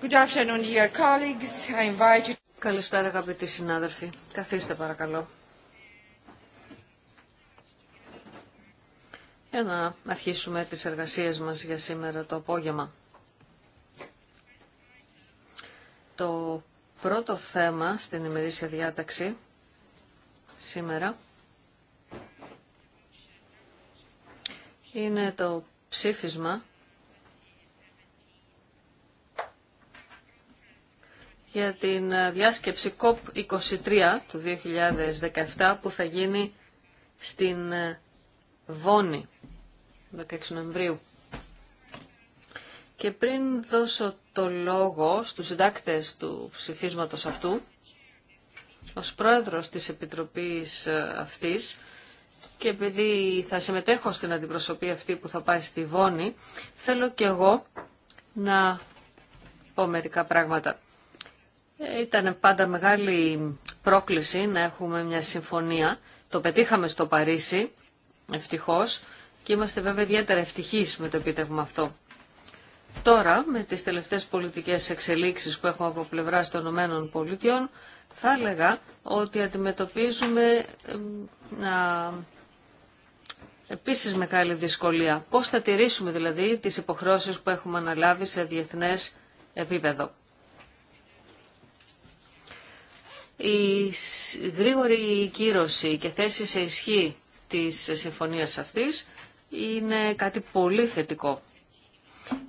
Good afternoon, dear colleagues. I invite you... Καλησπέρα αγαπητοί συνάδελφοι. Καθίστε παρακαλώ. Για να αρχίσουμε τις εργασίες μας για σήμερα το απόγευμα. Το πρώτο θέμα στην ημερήσια διάταξη σήμερα είναι το ψήφισμα για την ε, διάσκεψη COP23 του 2017 που θα γίνει στην ε, Βόνη, 16 Νοεμβρίου. Και πριν δώσω το λόγο στους συντάκτες του ψηφίσματος αυτού, ως πρόεδρος της Επιτροπής ε, αυτής, και επειδή θα συμμετέχω στην αντιπροσωπή αυτή που θα πάει στη Βόνη, θέλω και εγώ να πω μερικά πράγματα. Ήταν πάντα μεγάλη πρόκληση να έχουμε μια συμφωνία. Το πετύχαμε στο Παρίσι, ευτυχώς, και είμαστε βέβαια ιδιαίτερα ευτυχείς με το επίτευγμα αυτό. Τώρα, με τις τελευταίες πολιτικές εξελίξεις που έχουμε από πλευρά των ΗΠΑ, θα έλεγα ότι αντιμετωπίζουμε επίση επίσης μεγάλη δυσκολία. Πώς θα τηρήσουμε δηλαδή τις υποχρεώσει που έχουμε αναλάβει σε διεθνές επίπεδο. Η γρήγορη κύρωση και θέση σε ισχύ της συμφωνίας αυτής είναι κάτι πολύ θετικό.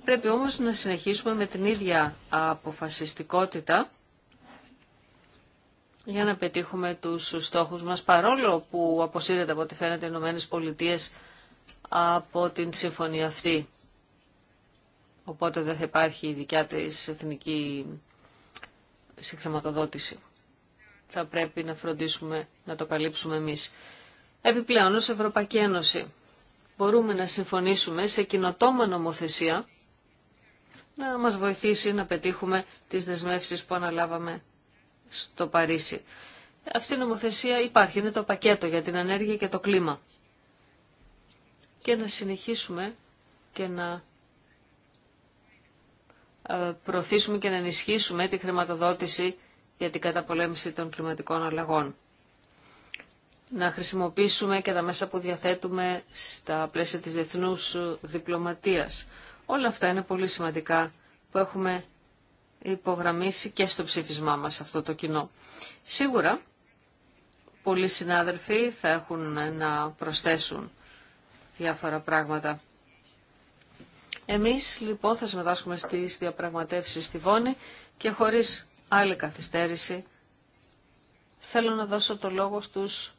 Πρέπει όμως να συνεχίσουμε με την ίδια αποφασιστικότητα για να πετύχουμε τους στόχους μας, παρόλο που αποσύρεται από ό,τι φαίνεται οι Ηνωμένες Πολιτείες από την συμφωνία αυτή. Οπότε δεν θα υπάρχει η δικιά της εθνική συγχρηματοδότηση θα πρέπει να φροντίσουμε να το καλύψουμε εμείς. Επιπλέον, ως Ευρωπαϊκή Ένωση, μπορούμε να συμφωνήσουμε σε κοινοτόμα νομοθεσία να μας βοηθήσει να πετύχουμε τις δεσμεύσεις που αναλάβαμε στο Παρίσι. Αυτή η νομοθεσία υπάρχει, είναι το πακέτο για την ενέργεια και το κλίμα. Και να συνεχίσουμε και να ε, προωθήσουμε και να ενισχύσουμε τη χρηματοδότηση για την καταπολέμηση των κλιματικών αλλαγών. Να χρησιμοποιήσουμε και τα μέσα που διαθέτουμε στα πλαίσια της διεθνούς διπλωματίας. Όλα αυτά είναι πολύ σημαντικά που έχουμε υπογραμμίσει και στο ψήφισμά μας αυτό το κοινό. Σίγουρα, πολλοί συνάδελφοι θα έχουν να προσθέσουν διάφορα πράγματα. Εμείς λοιπόν θα συμμετάσχουμε στις διαπραγματεύσεις στη Βόνη και χωρίς άλλη καθυστέρηση. Θέλω να δώσω το λόγο στους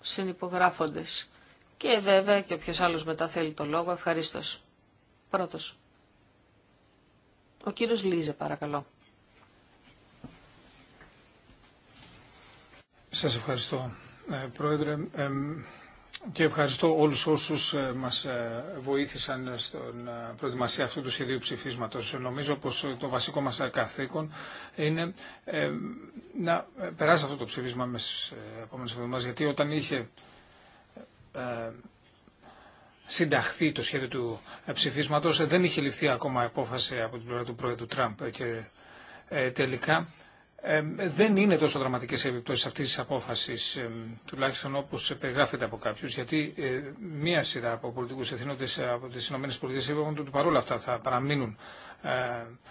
συνυπογράφοντες. Και βέβαια και όποιος άλλος μετά θέλει το λόγο, ευχαριστώ. Πρώτος. Ο κύριος Λίζε, παρακαλώ. Σας ευχαριστώ, ε, Πρόεδρε και ευχαριστώ όλους όσους ε, μας ε, βοήθησαν στην ε, προετοιμασία αυτού του σχεδίου ψηφίσματος. Νομίζω πως το βασικό μας καθήκον είναι να περάσει αυτό το ψηφίσμα μέσα στι επόμενες εβδομάδες, γιατί όταν είχε συνταχθεί το σχέδιο του ψηφίσματος δεν είχε ληφθεί ακόμα απόφαση από την πλευρά του πρόεδρου Τραμπ και τελικά δεν είναι τόσο δραματικές οι επιπτώσεις αυτής της απόφασης, τουλάχιστον όπως περιγράφεται από κάποιους, γιατί ε, μία σειρά από πολιτικούς εθνότητες από τις ΗΠΑ είπαν ότι παρόλα αυτά θα παραμείνουν ε,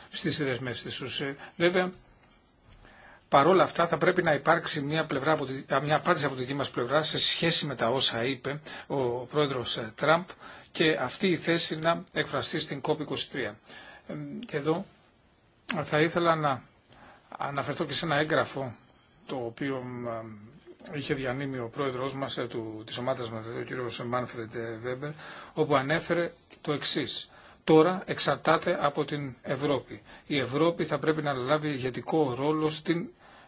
στις δεσμεύσεις τους. Ε, βέβαια, παρόλα αυτά θα πρέπει να υπάρξει μια, πλευρά από τη, μια απάντηση από τη δική μας πλευρά σε σχέση με τα όσα είπε ο πρόεδρος Τραμπ και αυτή η θέση να εκφραστεί στην COP23. Και εδώ θα ήθελα να αναφερθώ και σε ένα έγγραφο το οποίο είχε διανύμει ο πρόεδρός μας ε, του, της ομάδας μας, ο κύριος Μάνφρεντ ε, Βέμπερ, όπου ανέφερε το εξής. Τώρα εξαρτάται από την Ευρώπη. Η Ευρώπη θα πρέπει να λάβει ηγετικό ρόλο στην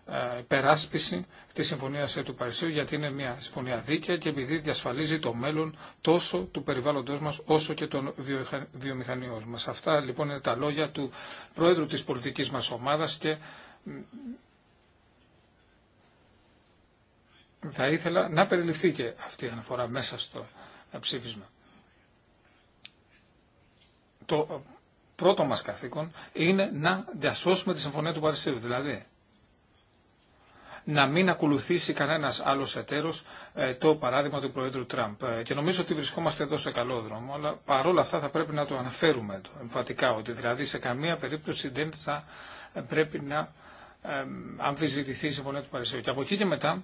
ε, περάσπιση τη συμφωνία του Παρισίου, γιατί είναι μια συμφωνία δίκαια και επειδή διασφαλίζει το μέλλον τόσο του περιβάλλοντό μα όσο και των βιομηχανιών μα. Αυτά λοιπόν είναι τα λόγια του Πρόεδρου τη πολιτική μα ομάδα και θα ήθελα να περιληφθεί και αυτή η αναφορά μέσα στο ε, ψήφισμα. Το ε, πρώτο μας καθήκον είναι να διασώσουμε τη Συμφωνία του Παρισίου, δηλαδή να μην ακολουθήσει κανένας άλλος εταίρος ε, το παράδειγμα του Προέδρου Τραμπ. Και νομίζω ότι βρισκόμαστε εδώ σε καλό δρόμο, αλλά παρόλα αυτά θα πρέπει να το αναφέρουμε εμφαντικά, εμφατικά, ότι δηλαδή σε καμία περίπτωση δεν θα πρέπει να αμφισβητηθεί η συμφωνία του Παρισιού. Και από εκεί και μετά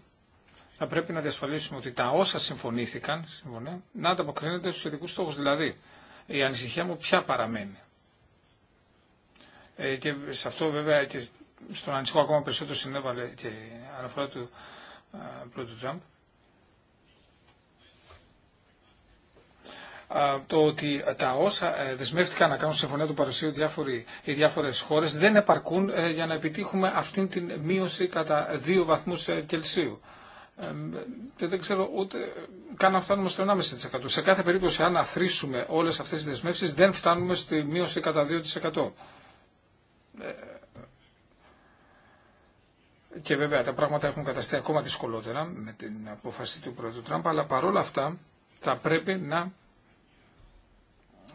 θα πρέπει να διασφαλίσουμε ότι τα όσα συμφωνήθηκαν συμφωνία, να ανταποκρίνονται στους ειδικούς στόχους. Δηλαδή, η ανησυχία μου πια παραμένει. Ε, και σε αυτό βέβαια και στον ανησυχώ ακόμα περισσότερο συνέβαλε και αναφορά του πρώτου Τραμπ. το ότι τα όσα ε, δεσμεύτηκαν να κάνουν συμφωνία του παρουσίου διάφοροι, οι διάφορες χώρες δεν επαρκούν ε, για να επιτύχουμε αυτήν την μείωση κατά δύο βαθμούς ε, Κελσίου. Και δεν ξέρω ούτε καν να φτάνουμε στο 1,5%. Σε κάθε περίπτωση αν αθροίσουμε όλες αυτές τις δεσμεύσεις δεν φτάνουμε στη μείωση κατά 2%. Και βέβαια τα πράγματα έχουν καταστεί ακόμα δυσκολότερα με την απόφαση του Πρόεδρου Τραμπ, αλλά παρόλα αυτά θα πρέπει να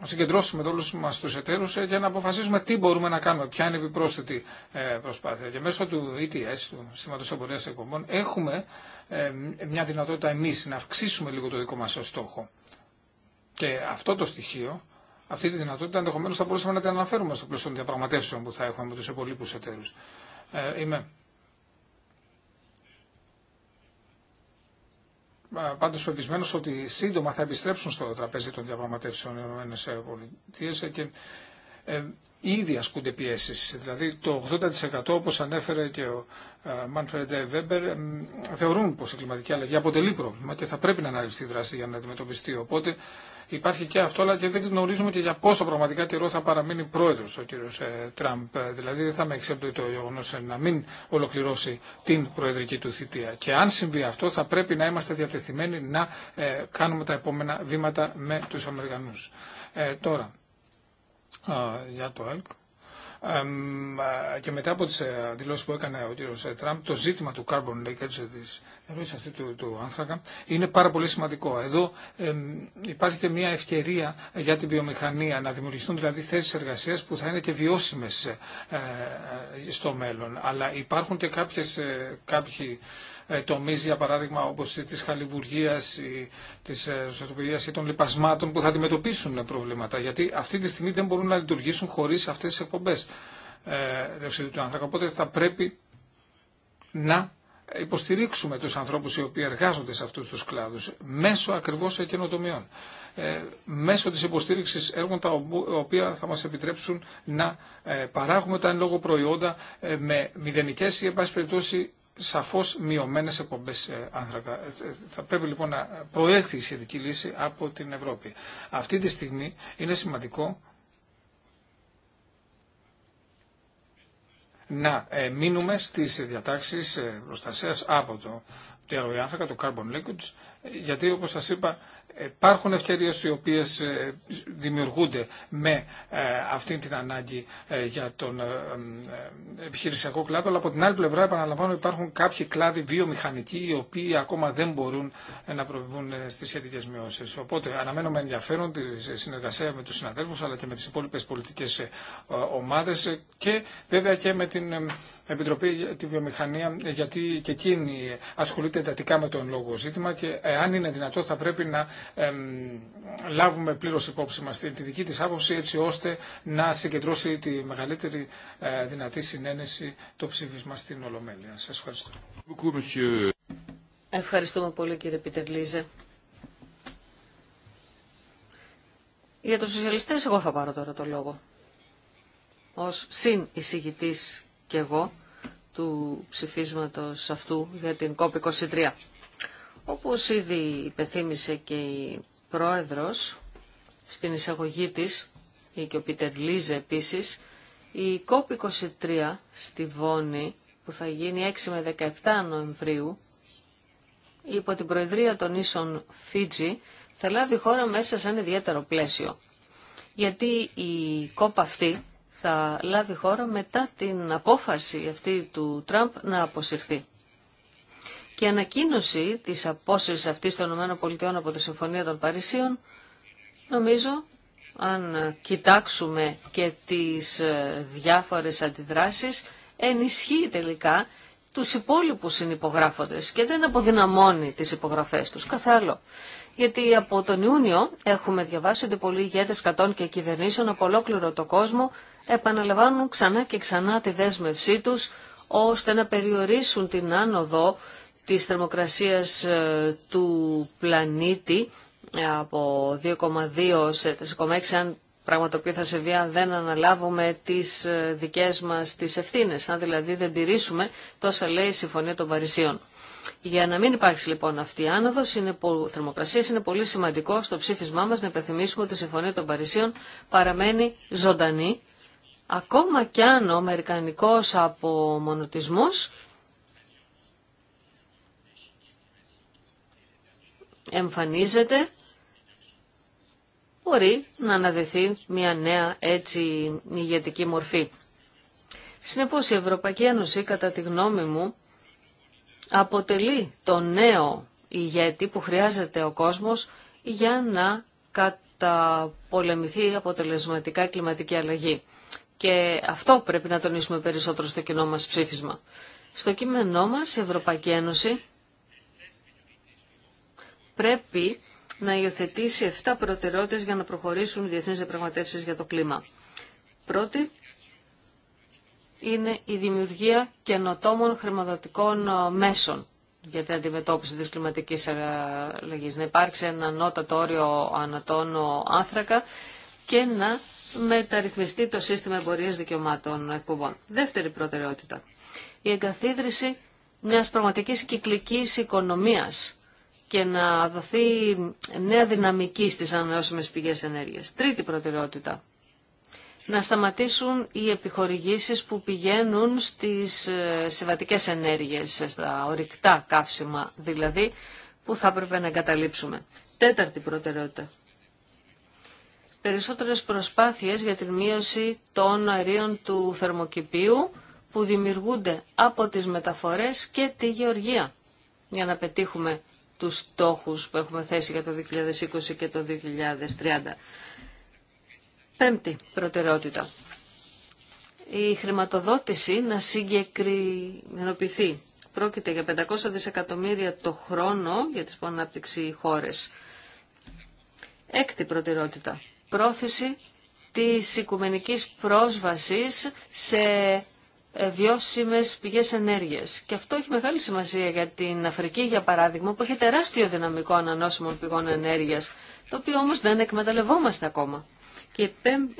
συγκεντρώσουμε όλους μας του εταίρους ε, για να αποφασίσουμε τι μπορούμε να κάνουμε, ποια είναι η επιπρόσθετη ε, προσπάθεια. Και μέσω του ETS, του Συστήματο Εμπορία Εκπομπών, έχουμε ε, μια δυνατότητα εμείς να αυξήσουμε λίγο το δικό μας στόχο. Και αυτό το στοιχείο, αυτή τη δυνατότητα ενδεχομένω θα μπορούσαμε να την αναφέρουμε στο πλαίσιο των διαπραγματεύσεων που θα έχουμε με τους εταίρου. Ε, είμαι πάντως φοβισμένος ότι σύντομα θα επιστρέψουν στο τραπέζι των διαπραγματεύσεων ΗΠΑ και ε, ήδη ασκούνται πιέσει. Δηλαδή το 80% όπως ανέφερε και ο ε, Μάνφρεντ Βέμπερ θεωρούν πως η κλιματική αλλαγή αποτελεί πρόβλημα και θα πρέπει να αναλυφθεί δράση για να αντιμετωπιστεί. Οπότε υπάρχει και αυτό, αλλά και δεν γνωρίζουμε και για πόσο πραγματικά καιρό θα παραμείνει πρόεδρο ο κύριο ε, Τραμπ. Δηλαδή δεν θα με εξέπτωει το γεγονό ε, να μην ολοκληρώσει την προεδρική του θητεία. Και αν συμβεί αυτό, θα πρέπει να είμαστε διατεθειμένοι να ε, κάνουμε τα επόμενα βήματα με του Αμερικανού. Ε, τώρα, για το ΕΛΚ και μετά από τις ε, δηλώσεις που έκανε ο κ. Ε, Τραμπ, το ζήτημα του carbon leakage, ε, της αυτή του, άνθρακα, είναι πάρα πολύ σημαντικό. Εδώ υπάρχει και μια ευκαιρία για τη βιομηχανία, να δημιουργηθούν δηλαδή θέσεις εργασίας που θα είναι και βιώσιμες στο μέλλον. Αλλά υπάρχουν και κάποιες, κάποιοι ε, τομεί, για παράδειγμα όπω τη χαλιβουργία, τη ζωτοποιία ε, ή των λοιπασμάτων που θα αντιμετωπίσουν ε, προβλήματα. Γιατί αυτή τη στιγμή δεν μπορούν να λειτουργήσουν χωρί αυτέ τι εκπομπέ διοξιδίου του άνθρακα. Οπότε θα πρέπει να υποστηρίξουμε τους ανθρώπους οι οποίοι εργάζονται σε αυτούς τους κλάδους μέσω ακριβώς καινοτομιών, μέσω της υποστήριξης έργων τα οποία θα μας επιτρέψουν να παράγουμε τα εν λόγω προϊόντα με μηδενικέ ή εν περιπτώσει σαφώς μειωμένες εκπομπέ ε, άνθρακα. Ε, ε, θα πρέπει λοιπόν να προέρχεται η σχετική λύση από την Ευρώπη. Αυτή τη στιγμή είναι σημαντικό να μείνουμε στις διατάξεις προστασίας από το διαρροή άνθρακα, το carbon leakage, γιατί όπως σας είπα υπάρχουν ευκαιρίες οι οποίες ε, δημιουργούνται με ε, αυτή την ανάγκη ε, για τον επιχειρησιακό κλάδο, αλλά από την άλλη πλευρά επαναλαμβάνω υπάρχουν κάποιοι κλάδοι βιομηχανικοί οι οποίοι ακόμα δεν μπορούν να προβούν στις σχετικές μειώσεις. Οπότε αναμένω με ενδιαφέρον τη συνεργασία με τους συναδέλφους αλλά και με τις υπόλοιπες πολιτικές ομάδες και βέβαια και με την Επιτροπή για τη Βιομηχανία, γιατί και εκείνη ασχολείται εντατικά με τον λόγο ζήτημα και αν είναι δυνατό θα πρέπει να λάβουμε πλήρως υπόψη μας τη δική της άποψη έτσι ώστε να συγκεντρώσει τη μεγαλύτερη ε, δυνατή συνένεση το ψήφισμα στην Ολομέλεια. Σας ευχαριστώ. Ευχαριστούμε πολύ κύριε Πίτερ Για τους σοσιαλιστές εγώ θα πάρω τώρα το λόγο. Ως συν και εγώ του ψηφίσματος αυτού για την COP23. Όπως ήδη υπεθύμησε και η πρόεδρος στην εισαγωγή της, ή και ο Πίτερ Λίζε επίσης, η COP23 στη Βόνη που θα γίνει 6 με 17 Νοεμβρίου υπό την Προεδρία των Ίσων Φίτζη θα λάβει χώρα μέσα σε ένα ιδιαίτερο πλαίσιο. Γιατί η κόπα αυτή θα λάβει χώρα μετά την απόφαση αυτή του Τραμπ να αποσυρθεί. Και η ανακοίνωση της απόσυρσης αυτής των ΗΠΑ από τη Συμφωνία των Παρισίων, νομίζω, αν κοιτάξουμε και τις ε, διάφορες αντιδράσεις, ενισχύει τελικά τους υπόλοιπους συνυπογράφοντες και δεν αποδυναμώνει τις υπογραφές τους. Καθ' άλλο. Γιατί από τον Ιούνιο έχουμε διαβάσει ότι πολλοί ηγέτες κατών και κυβερνήσεων από ολόκληρο το κόσμο επαναλαμβάνουν ξανά και ξανά τη δέσμευσή τους ώστε να περιορίσουν την άνοδο της θερμοκρασίας ε, του πλανήτη ε, από 2,2 σε 3,6 αν πράγμα το οποίο θα δεν αναλάβουμε τις ε, δικές μας τις ευθύνες, αν δηλαδή δεν τηρήσουμε τόσα λέει η Συμφωνία των Παρισίων. Για να μην υπάρξει λοιπόν αυτή η άνοδο θερμοκρασία, είναι πολύ σημαντικό στο ψήφισμά μα να υπενθυμίσουμε ότι η Συμφωνία των Παρισίων παραμένει ζωντανή Ακόμα κι αν ο Αμερικανικός απομονωτισμός εμφανίζεται, μπορεί να αναδεθεί μια νέα έτσι ηγετική μορφή. Συνεπώς η Ευρωπαϊκή Ένωση, κατά τη γνώμη μου, αποτελεί το νέο ηγέτη που χρειάζεται ο κόσμος για να καταπολεμηθεί αποτελεσματικά κλιματική αλλαγή. Και αυτό πρέπει να τονίσουμε περισσότερο στο κοινό μας ψήφισμα. Στο κείμενό μας η Ευρωπαϊκή Ένωση πρέπει να υιοθετήσει 7 προτεραιότητες για να προχωρήσουν οι διεθνείς διαπραγματεύσεις για το κλίμα. Πρώτη είναι η δημιουργία καινοτόμων χρηματοδοτικών ε, μέσων για την αντιμετώπιση της κλιματικής ε, αλλαγής. Να υπάρξει ένα νότατόριο ανατόνο άνθρακα και να μεταρρυθμιστεί το σύστημα εμπορία δικαιωμάτων εκπομπών. Δεύτερη προτεραιότητα. Η εγκαθίδρυση μιας πραγματικής κυκλικής οικονομίας και να δοθεί νέα δυναμική στις ανανεώσιμες πηγές ενέργειας. Τρίτη προτεραιότητα. Να σταματήσουν οι επιχορηγήσεις που πηγαίνουν στις ε, συμβατικές ενέργειες, στα ορυκτά καύσιμα δηλαδή, που θα έπρεπε να εγκαταλείψουμε. Τέταρτη προτεραιότητα περισσότερες προσπάθειες για την μείωση των αερίων του θερμοκηπίου που δημιουργούνται από τις μεταφορές και τη γεωργία για να πετύχουμε τους στόχους που έχουμε θέσει για το 2020 και το 2030. Πέμπτη προτεραιότητα. Η χρηματοδότηση να συγκεκριμενοποιηθεί. Πρόκειται για 500 δισεκατομμύρια το χρόνο για τις ανάπτυξη χώρες. Έκτη προτεραιότητα πρόθεση της οικουμενικής πρόσβασης σε ε, βιώσιμες πηγές ενέργειας. Και αυτό έχει μεγάλη σημασία για την Αφρική, για παράδειγμα, που έχει τεράστιο δυναμικό ανανόσιμων πηγών ενέργειας, το οποίο όμως δεν εκμεταλλευόμαστε ακόμα. Και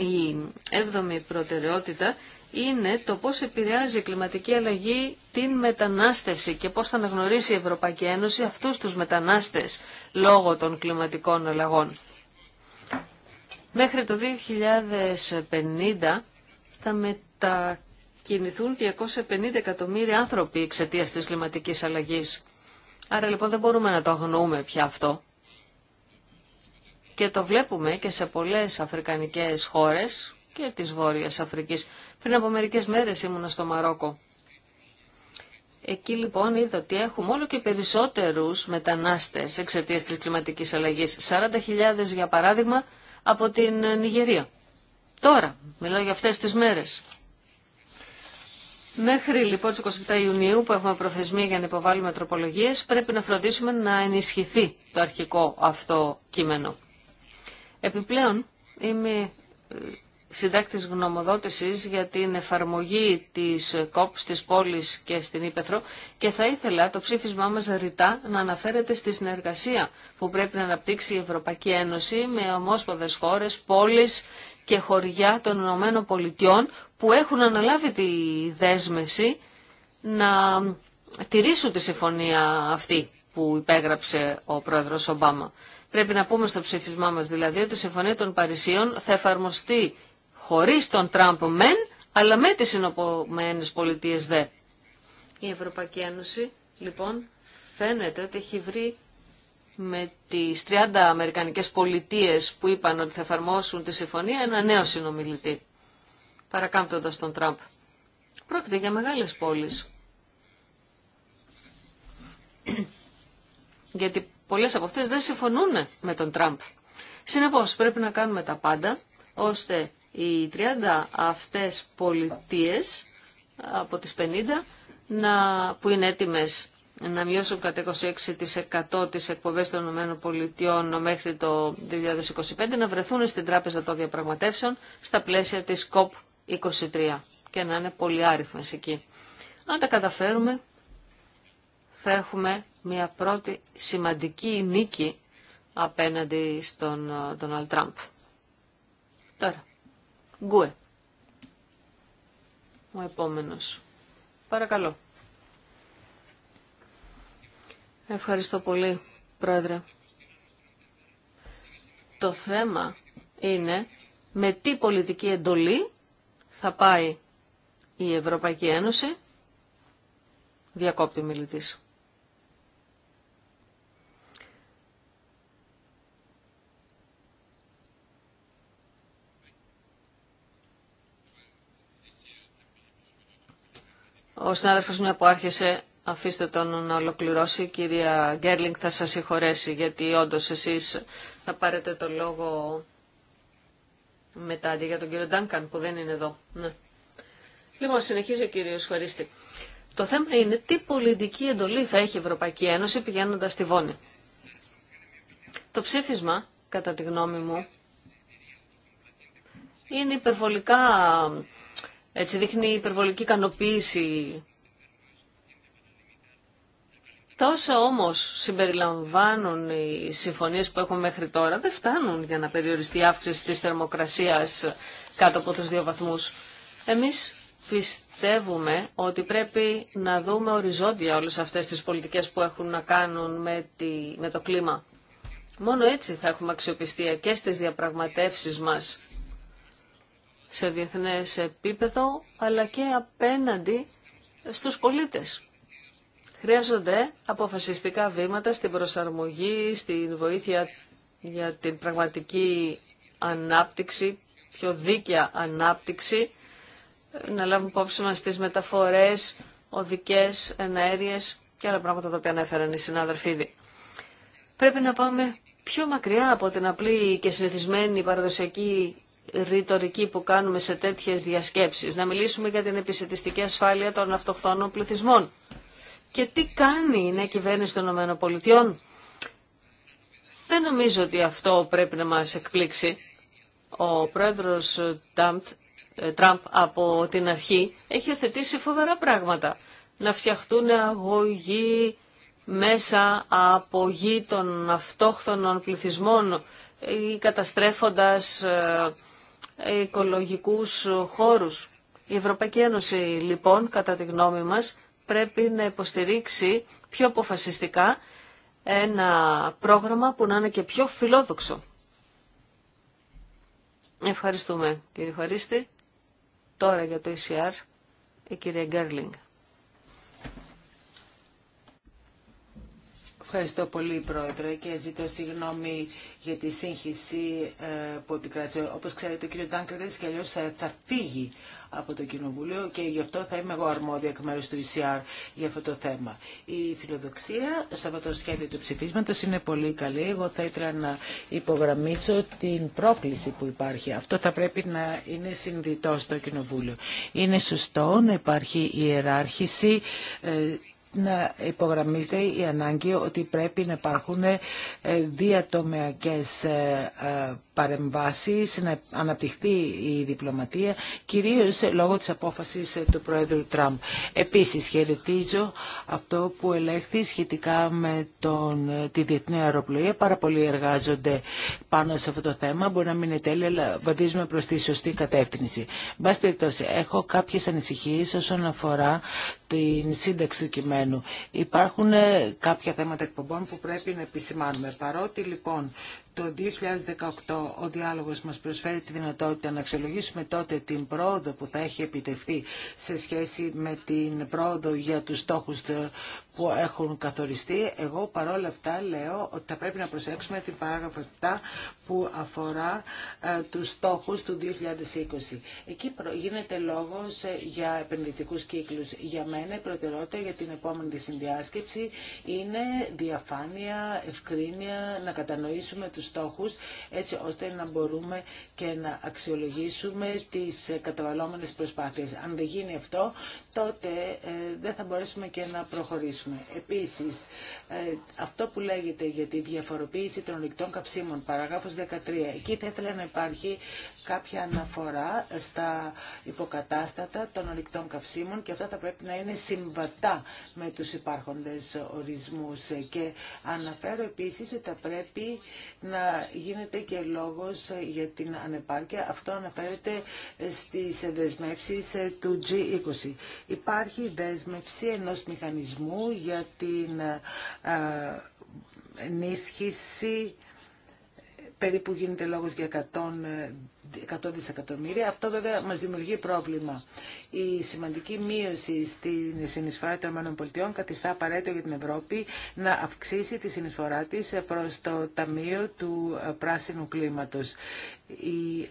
η έβδομη προτεραιότητα είναι το πώς επηρεάζει η κλιματική αλλαγή την μετανάστευση και πώς θα αναγνωρίσει η Ευρωπαϊκή Ένωση αυτούς τους μετανάστες λόγω των κλιματικών αλλαγών. Μέχρι το 2050 θα μετακινηθούν 250 εκατομμύρια άνθρωποι εξαιτία της κλιματικής αλλαγής. Άρα λοιπόν δεν μπορούμε να το αγνοούμε πια αυτό. Και το βλέπουμε και σε πολλές αφρικανικές χώρες και της Βόρειας Αφρικής. Πριν από μερικές μέρες ήμουνα στο Μαρόκο. Εκεί λοιπόν είδα ότι έχουμε όλο και περισσότερους μετανάστες εξαιτίας της κλιματικής αλλαγής. 40.000 για παράδειγμα από την Νιγερία. Τώρα, μιλάω για αυτές τις μέρες. Μέχρι λοιπόν τις 27 Ιουνίου που έχουμε προθεσμία για να υποβάλουμε τροπολογίες πρέπει να φροντίσουμε να ενισχυθεί το αρχικό αυτό κείμενο. Επιπλέον είμαι ε, συντάκτης γνωμοδότησης για την εφαρμογή της ΚΟΠ στις πόλεις και στην Ήπεθρο και θα ήθελα το ψήφισμά μας ρητά να αναφέρεται στη συνεργασία που πρέπει να αναπτύξει η Ευρωπαϊκή Ένωση με ομόσποδες χώρες, πόλεις και χωριά των Ηνωμένων Πολιτειών που έχουν αναλάβει τη δέσμευση να τηρήσουν τη συμφωνία αυτή που υπέγραψε ο πρόεδρος Ομπάμα. Πρέπει να πούμε στο ψήφισμά μας δηλαδή ότι η Συμφωνία των Παρισίων θα εφαρμοστεί χωρίς τον Τραμπ μεν, αλλά με τις Ηνωμένες Πολιτείες δε. Η Ευρωπαϊκή Ένωση λοιπόν φαίνεται ότι έχει βρει με τις 30 Αμερικανικές πολιτείες που είπαν ότι θα εφαρμόσουν τη συμφωνία ένα νέο συνομιλητή, παρακάμπτοντας τον Τραμπ. Πρόκειται για μεγάλες πόλεις. Γιατί πολλές από αυτές δεν συμφωνούν με τον Τραμπ. Συνεπώς πρέπει να κάνουμε τα πάντα ώστε οι 30 αυτές πολιτείες από τις 50 να, που είναι έτοιμες να μειώσουν κατά 26% τις εκπομπές των ΗΠΑ μέχρι το 2025 να βρεθούν στην Τράπεζα των Διαπραγματεύσεων στα πλαίσια της COP23 και να είναι πολύ άριθμες εκεί. Αν τα καταφέρουμε θα έχουμε μια πρώτη σημαντική νίκη απέναντι στον ε, Donald Τραμπ. Τώρα, Γκουε. Ο επόμενος. Παρακαλώ. Ευχαριστώ πολύ, Πρόεδρε. Το θέμα είναι με τι πολιτική εντολή θα πάει η Ευρωπαϊκή Ένωση. Διακόπτη ο Ο συνάδελφο μου που άρχισε, αφήστε τον να ολοκληρώσει. Η κυρία Γκέρλινγκ θα σα συγχωρέσει, γιατί όντω εσεί θα πάρετε το λόγο μετά αντί για τον κύριο Ντάνκαν που δεν είναι εδώ. Ναι. Λοιπόν, συνεχίζει ο κύριο Χωρίστη. Το θέμα είναι τι πολιτική εντολή θα έχει η Ευρωπαϊκή Ένωση πηγαίνοντα στη Βόνη. Το ψήφισμα, κατά τη γνώμη μου, είναι υπερβολικά έτσι δείχνει υπερβολική ικανοποίηση. Τα όμως συμπεριλαμβάνουν οι συμφωνίες που έχουμε μέχρι τώρα δεν φτάνουν για να περιοριστεί η αύξηση της θερμοκρασίας κάτω από τους δύο βαθμούς. Εμείς πιστεύουμε ότι πρέπει να δούμε οριζόντια όλες αυτές τις πολιτικές που έχουν να κάνουν με, τη, με το κλίμα. Μόνο έτσι θα έχουμε αξιοπιστία και στις διαπραγματεύσεις μας σε διεθνές επίπεδο, αλλά και απέναντι στους πολίτες. Χρειάζονται αποφασιστικά βήματα στην προσαρμογή, στην βοήθεια για την πραγματική ανάπτυξη, πιο δίκαια ανάπτυξη, να λάβουμε υπόψη μας τις μεταφορές, οδικές, εναέριες και άλλα πράγματα τα οποία ανέφεραν οι συνάδελφοί Πρέπει να πάμε πιο μακριά από την απλή και συνηθισμένη παραδοσιακή ρητορική που κάνουμε σε τέτοιες διασκέψεις. Να μιλήσουμε για την επισητιστική ασφάλεια των αυτοχθόνων πληθυσμών. Και τι κάνει η νέα κυβέρνηση των ΗΠΑ. Δεν νομίζω ότι αυτό πρέπει να μας εκπλήξει. Ο πρόεδρος ε, Τραμπ από την αρχή έχει οθετήσει φοβερά πράγματα. Να φτιαχτούν αγωγοί μέσα από γη των αυτόχθονων πληθυσμών ή καταστρέφοντας ε, οικολογικούς χώρους. Η Ευρωπαϊκή Ένωση λοιπόν, κατά τη γνώμη μας, πρέπει να υποστηρίξει πιο αποφασιστικά ένα πρόγραμμα που να είναι και πιο φιλόδοξο. Ευχαριστούμε κύριε Χαρίστη. Τώρα για το ECR η κυρία Γκέρλινγκ. Ευχαριστώ πολύ, Πρόεδρε, και ζητώ συγγνώμη για τη σύγχυση ε, που επικράτησε. Όπως ξέρετε, ο κ. Ντάνκρ δεν αλλιώς ε, θα φύγει από το Κοινοβούλιο και γι' αυτό θα είμαι εγώ αρμόδια εκ μέρου του ECR για αυτό το θέμα. Η φιλοδοξία σε αυτό το σχέδιο του ψηφίσματο είναι πολύ καλή. Εγώ θα ήθελα να υπογραμμίσω την πρόκληση που υπάρχει. Αυτό θα πρέπει να είναι συνδυτό στο Κοινοβούλιο. Είναι σωστό να υπάρχει ιεράρχηση ε, να υπογραμμίζεται η ανάγκη ότι πρέπει να υπάρχουν ε, διατομεακές ε, ε, παρεμβάσεις, να αναπτυχθεί η διπλωματία, κυρίως λόγω της απόφασης του Πρόεδρου Τραμπ. Επίσης, χαιρετίζω αυτό που ελέγχθη σχετικά με τον, τη διεθνή αεροπλοεία. Πάρα πολλοί εργάζονται πάνω σε αυτό το θέμα. Μπορεί να μην είναι τέλεια, αλλά βαδίζουμε προς τη σωστή κατεύθυνση. Μπας περιπτώσει, έχω κάποιες ανησυχίες όσον αφορά την σύνταξη του κειμένου. Υπάρχουν ε, κάποια θέματα εκπομπών που πρέπει να επισημάνουμε. Παρότι λοιπόν το 2018 ο διάλογος μας προσφέρει τη δυνατότητα να αξιολογήσουμε τότε την πρόοδο που θα έχει επιτευχθεί σε σχέση με την πρόοδο για τους στόχους ε, που έχουν καθοριστεί. Εγώ παρόλα αυτά λέω ότι θα πρέπει να προσέξουμε την παράγραφο 7 που αφορά ε, τους στόχους του 2020. Εκεί γίνεται λόγος ε, για επενδυτικούς κύκλους. Για μένα η για την επόμενη συνδιάσκεψη είναι διαφάνεια, ευκρίνεια, να κατανοήσουμε τους στόχους έτσι ώστε να μπορούμε και να αξιολογήσουμε τις ε, καταβαλλόμενες προσπάθειες. Αν δεν γίνει αυτό, τότε ε, δεν θα μπορέσουμε και να προχωρήσουμε. Επίσης, ε, αυτό που λέγεται για τη διαφοροποίηση των ρηκτών καυσίμων, παραγράφος 13, εκεί θα ήθελα να υπάρχει κάποια αναφορά στα υποκατάστατα των ορυκτών καυσίμων και αυτά θα πρέπει να είναι συμβατά με τους υπάρχοντες ορισμούς. Και αναφέρω επίσης ότι θα πρέπει να γίνεται και λόγος για την ανεπάρκεια. Αυτό αναφέρεται στις δεσμεύσεις του G20. Υπάρχει δέσμευση ενός μηχανισμού για την ενίσχυση περίπου γίνεται λόγος για 100 100 δισεκατομμύρια. Αυτό βέβαια μας δημιουργεί πρόβλημα. Η σημαντική μείωση στην συνεισφορά των ΗΠΑ καθιστά απαραίτητο για την Ευρώπη να αυξήσει τη συνεισφορά τη προ το Ταμείο του Πράσινου Κλίματος. Η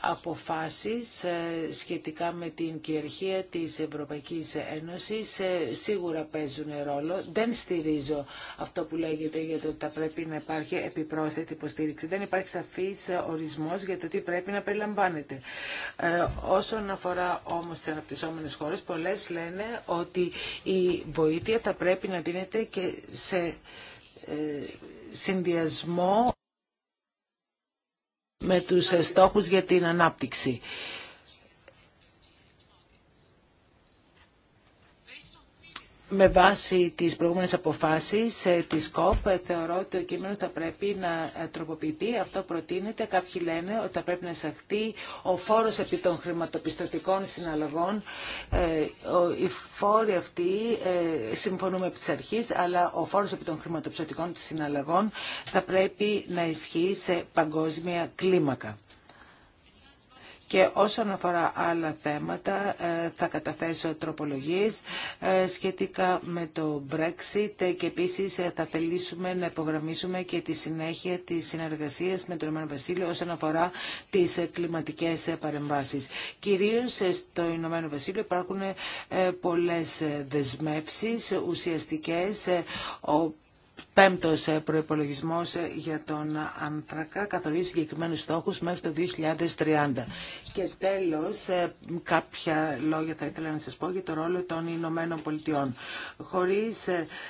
αποφάσεις ε, σχετικά με την κυριαρχία της Ευρωπαϊκής Ένωσης ε, σίγουρα παίζουν ρόλο. Δεν στηρίζω αυτό που λέγεται για το ότι θα πρέπει να υπάρχει επιπρόσθετη υποστήριξη. Δεν υπάρχει σαφής ορισμός για το τι πρέπει να περιλαμβάνεται. Ε, όσον αφορά όμως τις αναπτυσσόμενες χώρες, πολλές λένε ότι η βοήθεια θα πρέπει να δίνεται και σε συνδυασμό με τους ε, στόχους για την ανάπτυξη. με βάση τις προηγούμενες αποφάσεις ε, της ΚΟΠ ε, θεωρώ ότι το κείμενο θα πρέπει να τροποποιηθεί. Αυτό προτείνεται. Κάποιοι λένε ότι θα πρέπει να εισαχθεί ο φόρος επί των χρηματοπιστωτικών συναλλαγών. Ε, οι φόροι αυτοί συμφωνούμε επί της αρχής, αλλά ο φόρος επί των χρηματοπιστωτικών συναλλαγών θα πρέπει να ισχύει σε παγκόσμια κλίμακα. Και όσον αφορά άλλα θέματα, ε, θα καταθέσω τροπολογίες ε, σχετικά με το Brexit και επίσης ε, θα θελήσουμε να υπογραμμίσουμε και τη συνέχεια της συνεργασίας με το Ηνωμένο Βασίλειο όσον αφορά τις κλιματικές παρεμβάσεις. Κυρίως στο Ηνωμένο Βασίλειο υπάρχουν πολλές δεσμεύσεις ουσιαστικές πέμπτος ε, προϋπολογισμός ε, για τον Ανθρακά καθορίζει συγκεκριμένους στόχους μέχρι το 2030. Και τέλος, ε, κάποια λόγια θα ήθελα να σας πω για το ρόλο των Ηνωμένων Πολιτειών. Χωρίς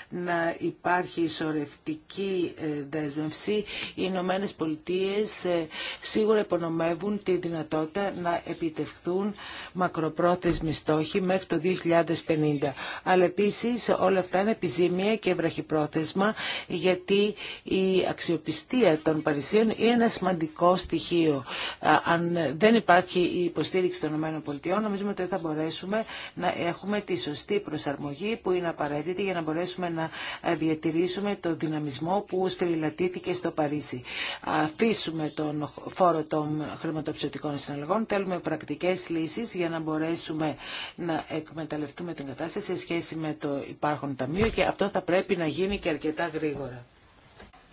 να υπάρχει ισορρευτική δέσμευση, οι Ηνωμένε Πολιτείε σίγουρα υπονομεύουν τη δυνατότητα να επιτευχθούν μακροπρόθεσμοι στόχοι μέχρι το 2050. Αλλά επίσης όλα αυτά είναι επιζήμια και βραχυπρόθεσμα γιατί η αξιοπιστία των Παρισίων είναι ένα σημαντικό στοιχείο. Αν δεν υπάρχει η υποστήριξη των ΗΠΑ, νομίζουμε ότι θα μπορέσουμε να έχουμε τη σωστή προσαρμογή που είναι απαραίτητη για να μπορέσουμε να διατηρήσουμε το δυναμισμό που στριλατήθηκε στο Παρίσι. Αφήσουμε τον φόρο των χρηματοψηφιωτικών συναλλαγών. Θέλουμε πρακτικέ λύσει για να μπορέσουμε να εκμεταλλευτούμε την κατάσταση σε σχέση με το υπάρχον ταμείο και αυτό θα πρέπει να γίνει και αρκετά γρήγορα.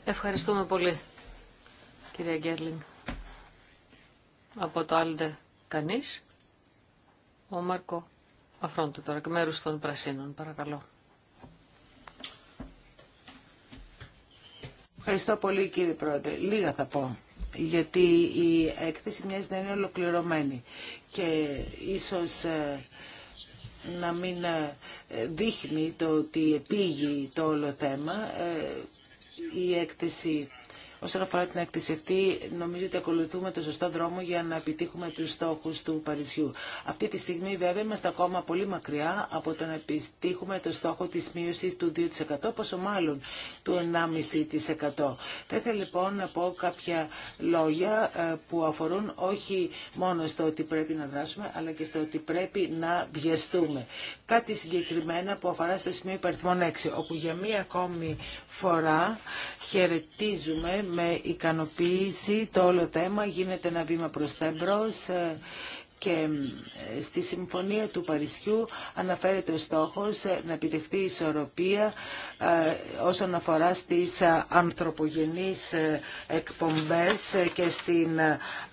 Ευχαριστούμε πολύ, κυρία Γκέρλινγκ. Από το Άλντε κανείς. Ο Μάρκο Αφρόντο τώρα, εκ μέρους των Πρασίνων, παρακαλώ. Ευχαριστώ πολύ κύριε Πρόεδρε. Λίγα θα πω γιατί η έκθεση μοιάζει να είναι ολοκληρωμένη και ίσως ε, να μην ε, δείχνει το ότι επήγει το όλο θέμα. Ε, η έκθεση Όσον αφορά την έκθεση νομίζω ότι ακολουθούμε το σωστό δρόμο για να επιτύχουμε του στόχου του Παρισιού. Αυτή τη στιγμή, βέβαια, είμαστε ακόμα πολύ μακριά από το να επιτύχουμε το στόχο τη μείωση του 2%, πόσο μάλλον του 1,5%. Θα ήθελα λοιπόν να πω κάποια λόγια ε, που αφορούν όχι μόνο στο ότι πρέπει να δράσουμε, αλλά και στο ότι πρέπει να βιαστούμε. Κάτι συγκεκριμένα που αφορά στο σημείο υπαριθμών 6, όπου για μία ακόμη φορά χαιρετίζουμε με ικανοποίηση το όλο θέμα γίνεται ένα βήμα προς τα εμπρός ε, και ε, στη Συμφωνία του Παρισιού αναφέρεται ο στόχος ε, να επιτευχθεί η ισορροπία όσον αφορά στις ανθρωπογενείς εκπομπές και στην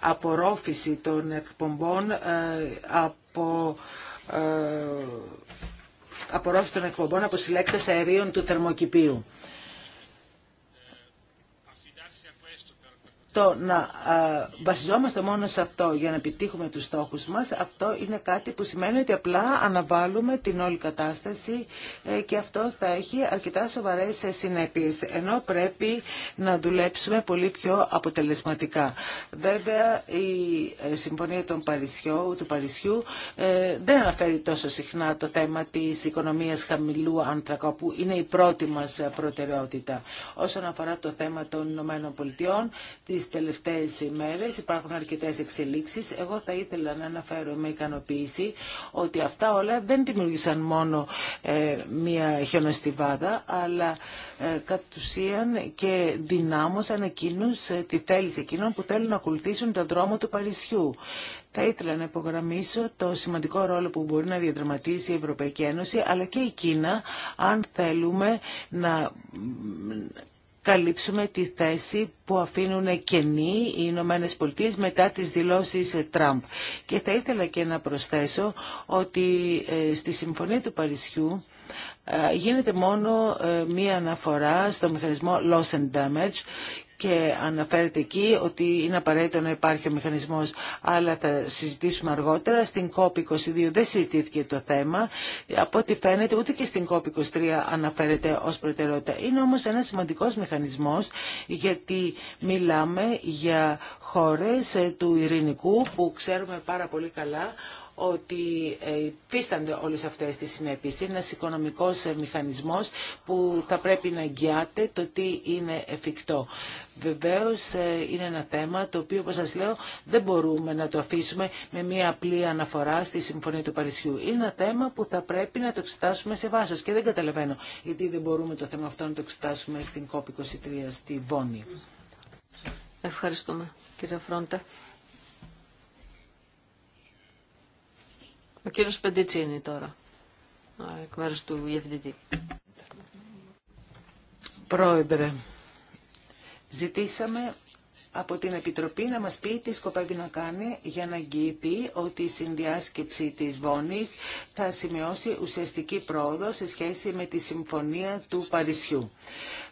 απορρόφηση των εκπομπών από απορρόφηση των εκπομπών από συλλέκτες αερίων του θερμοκηπίου. το να βασιζόμαστε μόνο σε αυτό για να επιτύχουμε τους στόχους μας, αυτό είναι κάτι που σημαίνει ότι απλά αναβάλουμε την όλη κατάσταση ε, και αυτό θα έχει αρκετά σοβαρές συνέπειες, ενώ πρέπει να δουλέψουμε πολύ πιο αποτελεσματικά. Βέβαια, η ε, Συμφωνία των Παρισιού, του Παρισιού ε, δεν αναφέρει τόσο συχνά το θέμα της οικονομίας χαμηλού άνθρακα, που είναι η πρώτη μας προτεραιότητα. Όσον αφορά το θέμα των ΗΠΑ, της τελευταίες ημέρες υπάρχουν αρκετές εξελίξεις. Εγώ θα ήθελα να αναφέρω με ικανοποίηση ότι αυτά όλα δεν δημιούργησαν μόνο ε, μία χιονοστιβάδα, αλλά ε, κατ' ουσίαν και δυνάμωσαν εκείνους ε, τη θέληση εκείνων που θέλουν να ακολουθήσουν τον δρόμο του Παρισιού. Θα ήθελα να υπογραμμίσω το σημαντικό ρόλο που μπορεί να διαδραματίσει η Ευρωπαϊκή Ένωση αλλά και η Κίνα αν θέλουμε να καλύψουμε τη θέση που αφήνουν κενή οι Ηνωμένε Πολιτείε μετά τις δηλώσεις Τραμπ. Και θα ήθελα και να προσθέσω ότι ε, στη Συμφωνία του Παρισιού γίνεται μόνο ε, μία αναφορά στο μηχανισμό loss and damage και αναφέρεται εκεί ότι είναι απαραίτητο να υπάρχει ο μηχανισμός αλλά θα συζητήσουμε αργότερα. Στην COP22 δεν συζητήθηκε το θέμα. Από ό,τι φαίνεται ούτε και στην COP23 αναφέρεται ως προτεραιότητα. Είναι όμως ένα σημαντικός μηχανισμός γιατί μιλάμε για χώρες ε, του ειρηνικού που ξέρουμε πάρα πολύ καλά ότι ε, υφίστανται όλες αυτές τις συνέπειες. Είναι ένας οικονομικός ε, μηχανισμός που θα πρέπει να εγγυάται το τι είναι εφικτό. Βεβαίως ε, είναι ένα θέμα το οποίο, όπως σας λέω, δεν μπορούμε να το αφήσουμε με μια απλή αναφορά στη Συμφωνία του Παρισιού. Είναι ένα θέμα που θα πρέπει να το εξετάσουμε σε βάσος και δεν καταλαβαίνω γιατί δεν μπορούμε το θέμα αυτό να το εξετάσουμε στην COP23 στη Βόνη. Ευχαριστούμε κύριε Φρόντε. Ο κύριος Πεντιτσίνη τώρα, εκ μέρους του Διευθυντή. Πρόεδρε, ζητήσαμε από την Επιτροπή να μας πει τι σκοπεύει να κάνει για να εγγυηθεί ότι η συνδιάσκεψη της Βόνης θα σημειώσει ουσιαστική πρόοδο σε σχέση με τη Συμφωνία του Παρισιού.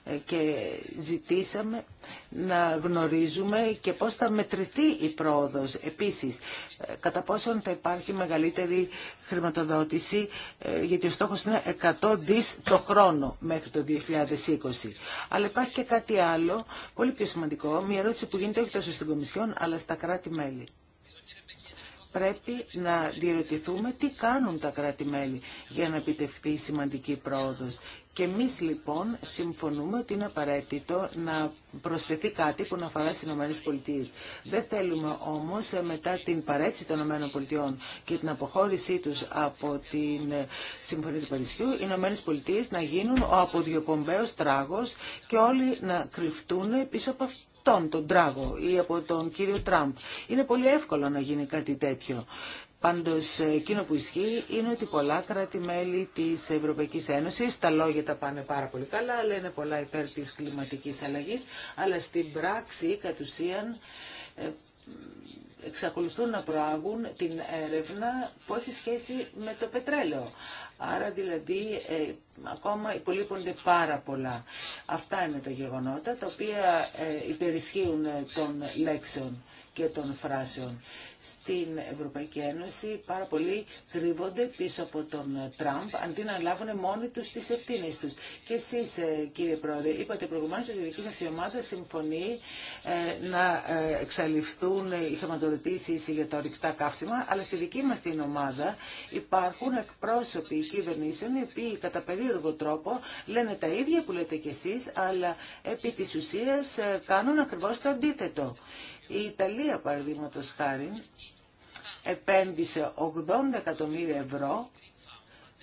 Ε, και ζητήσαμε να γνωρίζουμε και πώς θα μετρηθεί η πρόοδος. Επίσης, ε, κατά πόσον θα υπάρχει μεγαλύτερη χρηματοδότηση, ε, γιατί ο στόχος είναι 100 δις το χρόνο μέχρι το 2020. Αλλά υπάρχει και κάτι άλλο, πολύ πιο σημαντικό, μια ερώτηση που γίνεται όχι τόσο στην Κομισιόν, αλλά στα κράτη-μέλη πρέπει να διερωτηθούμε τι κάνουν τα κράτη-μέλη για να επιτευχθεί η σημαντική πρόοδος. Και εμεί λοιπόν συμφωνούμε ότι είναι απαραίτητο να προσθεθεί κάτι που να αφορά στι ΗΠΑ. Δεν θέλουμε όμω μετά την παρέτηση των ΗΠΑ και την αποχώρησή του από την ε, Συμφωνία του Παρισιού, οι ΗΠΑ να γίνουν ο αποδιοπομπαίο τράγο και όλοι να κρυφτούν πίσω από αυτό αυτόν τον τράγο ή από τον κύριο Τραμπ. Είναι πολύ εύκολο να γίνει κάτι τέτοιο. Πάντως, εκείνο που ισχύει είναι ότι πολλά κράτη-μέλη της Ευρωπαϊκής Ένωσης, τα λόγια τα πάνε πάρα πολύ καλά, λένε πολλά υπέρ της κλιματικής αλλαγής, αλλά στην πράξη, κατ' ουσίαν, ε, εξακολουθούν να προάγουν την έρευνα που έχει σχέση με το πετρέλαιο. Άρα δηλαδή ε, ακόμα υπολείπονται πάρα πολλά. Αυτά είναι τα γεγονότα τα οποία ε, υπερισχύουν ε, των λέξεων και των φράσεων. Στην Ευρωπαϊκή Ένωση πάρα πολλοί κρύβονται πίσω από τον Τραμπ αντί να λάβουν μόνοι τους τις ευθύνες τους. Και εσείς ε, κύριε Πρόεδρε είπατε προηγουμένως ότι η δική σας ομάδα συμφωνεί ε, να ε, εξαλειφθούν οι χρηματοδοτήσεις για τα ορυκτά καύσιμα αλλά στη δική μας την ομάδα υπάρχουν εκπρόσωποι κυβερνήσεων οι οποίοι κατά περίεργο τρόπο λένε τα ίδια που λέτε κι εσείς αλλά επί της ουσίας κάνουν ακριβώς το αντίθετο. Η Ιταλία, παραδείγματο χάρη, επένδυσε 80 εκατομμύρια ευρώ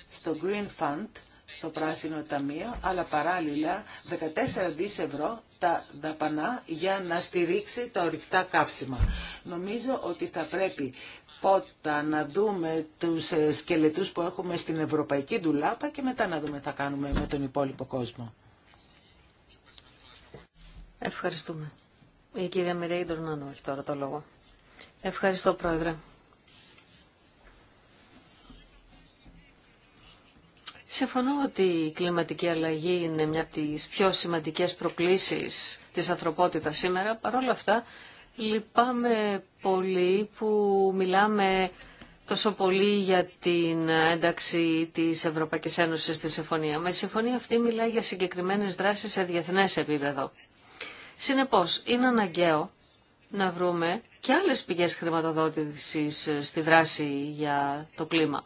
στο Green Fund, στο Πράσινο Ταμείο, αλλά παράλληλα 14 δις ευρώ τα δαπανά για να στηρίξει τα ορυκτά καύσιμα. Νομίζω ότι θα πρέπει πότε να δούμε τους ε, σκελετούς που έχουμε στην ευρωπαϊκή ντουλάπα και μετά να δούμε τι θα κάνουμε με τον υπόλοιπο κόσμο. Ευχαριστούμε. Η κυρία Μιρέη έχει τώρα το λόγο. Ευχαριστώ, Πρόεδρε. Συμφωνώ ότι η κλιματική αλλαγή είναι μια από τις πιο σημαντικές προκλήσεις της ανθρωπότητας σήμερα. Παρ' όλα αυτά, λυπάμαι πολύ που μιλάμε τόσο πολύ για την ένταξη της Ευρωπαϊκής Ένωσης στη Συμφωνία. Με η Συμφωνία αυτή μιλάει για συγκεκριμένες δράσεις σε διεθνές επίπεδο. Συνεπώς, είναι αναγκαίο να βρούμε και άλλες πηγές χρηματοδότησης ε, στη δράση για το κλίμα.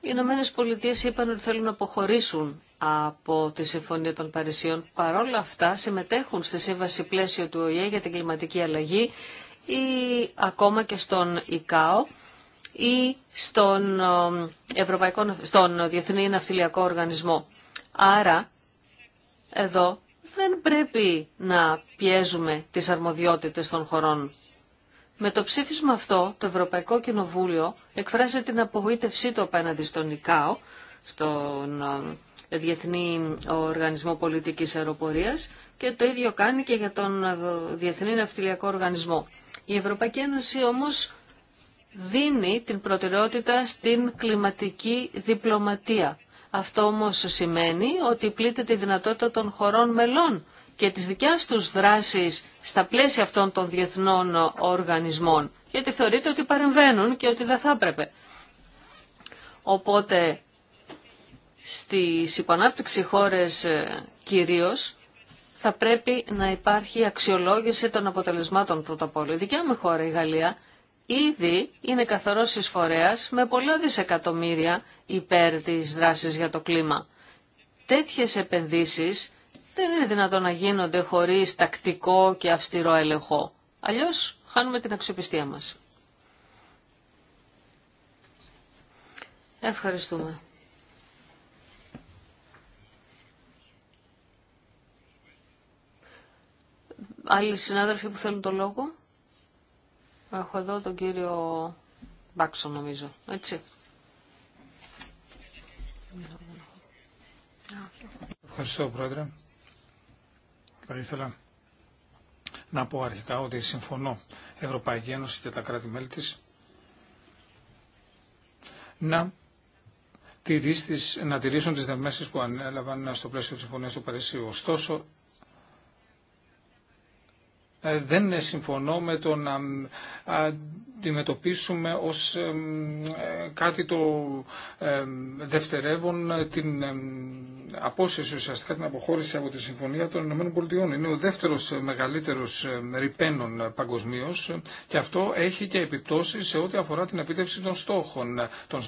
Οι Ηνωμένε Πολιτείε είπαν ότι θέλουν να αποχωρήσουν από τη Συμφωνία των Παρισιών. Παρόλα αυτά συμμετέχουν στη σύμβαση πλαίσιο του ΟΗΕ για την κλιματική αλλαγή ή ακόμα και στον ΙΚΑΟ ή στον, ε, Ευρωπαϊκό, στον Διεθνή Ναυτιλιακό Οργανισμό. Άρα εδώ δεν πρέπει να πιέζουμε τις αρμοδιότητες των χωρών. Με το ψήφισμα αυτό, το Ευρωπαϊκό Κοινοβούλιο εκφράζει την απογοήτευσή του απέναντι στον ΙΚΑΟ, στον Διεθνή Οργανισμό Πολιτικής Αεροπορίας και το ίδιο κάνει και για τον Διεθνή Ναυτιλιακό Οργανισμό. Η Ευρωπαϊκή Ένωση όμως δίνει την προτεραιότητα στην κλιματική διπλωματία αυτό όμως σημαίνει ότι πλήττεται τη δυνατότητα των χωρών μελών και τις δικιάς τους δράσεις στα πλαίσια αυτών των διεθνών οργανισμών, γιατί θεωρείται ότι παρεμβαίνουν και ότι δεν θα έπρεπε. Οπότε στις υπανάπτυξη χώρες ε, κυρίως θα πρέπει να υπάρχει αξιολόγηση των αποτελεσμάτων πρώτα απ' όλα. Η δικιά μου χώρα, η Γαλλία, ήδη είναι καθαρός εισφορέας με πολλά δισεκατομμύρια υπέρ της δράσης για το κλίμα. Τέτοιες επενδύσεις δεν είναι δυνατόν να γίνονται χωρίς τακτικό και αυστηρό έλεγχο. Αλλιώς χάνουμε την αξιοπιστία μας. Ευχαριστούμε. Άλλοι συνάδελφοι που θέλουν το λόγο. Έχω εδώ τον κύριο Μπάξο νομίζω. Έτσι. Ευχαριστώ, Πρόεδρε. Θα ήθελα να πω αρχικά ότι συμφωνώ Ευρωπαϊκή Ένωση και τα κράτη-μέλη της να να τηρήσουν τις δεσμεύσεις που ανέλαβαν στο πλαίσιο της Συμφωνίας του Παρισίου. Ωστόσο, ε, δεν συμφωνώ με το να αντιμετωπίσουμε ως ε, κάτι το δευτερεύον ε, την απόσυρση ουσιαστικά την αποχώρηση από τη Συμφωνία των Ηνωμένων Πολιτειών. Είναι ο δεύτερος ε, μεγαλύτερος ρηπαίνων παγκοσμίω και αυτό έχει και επιπτώσει σε ό,τι αφορά την επίτευξη των στόχων.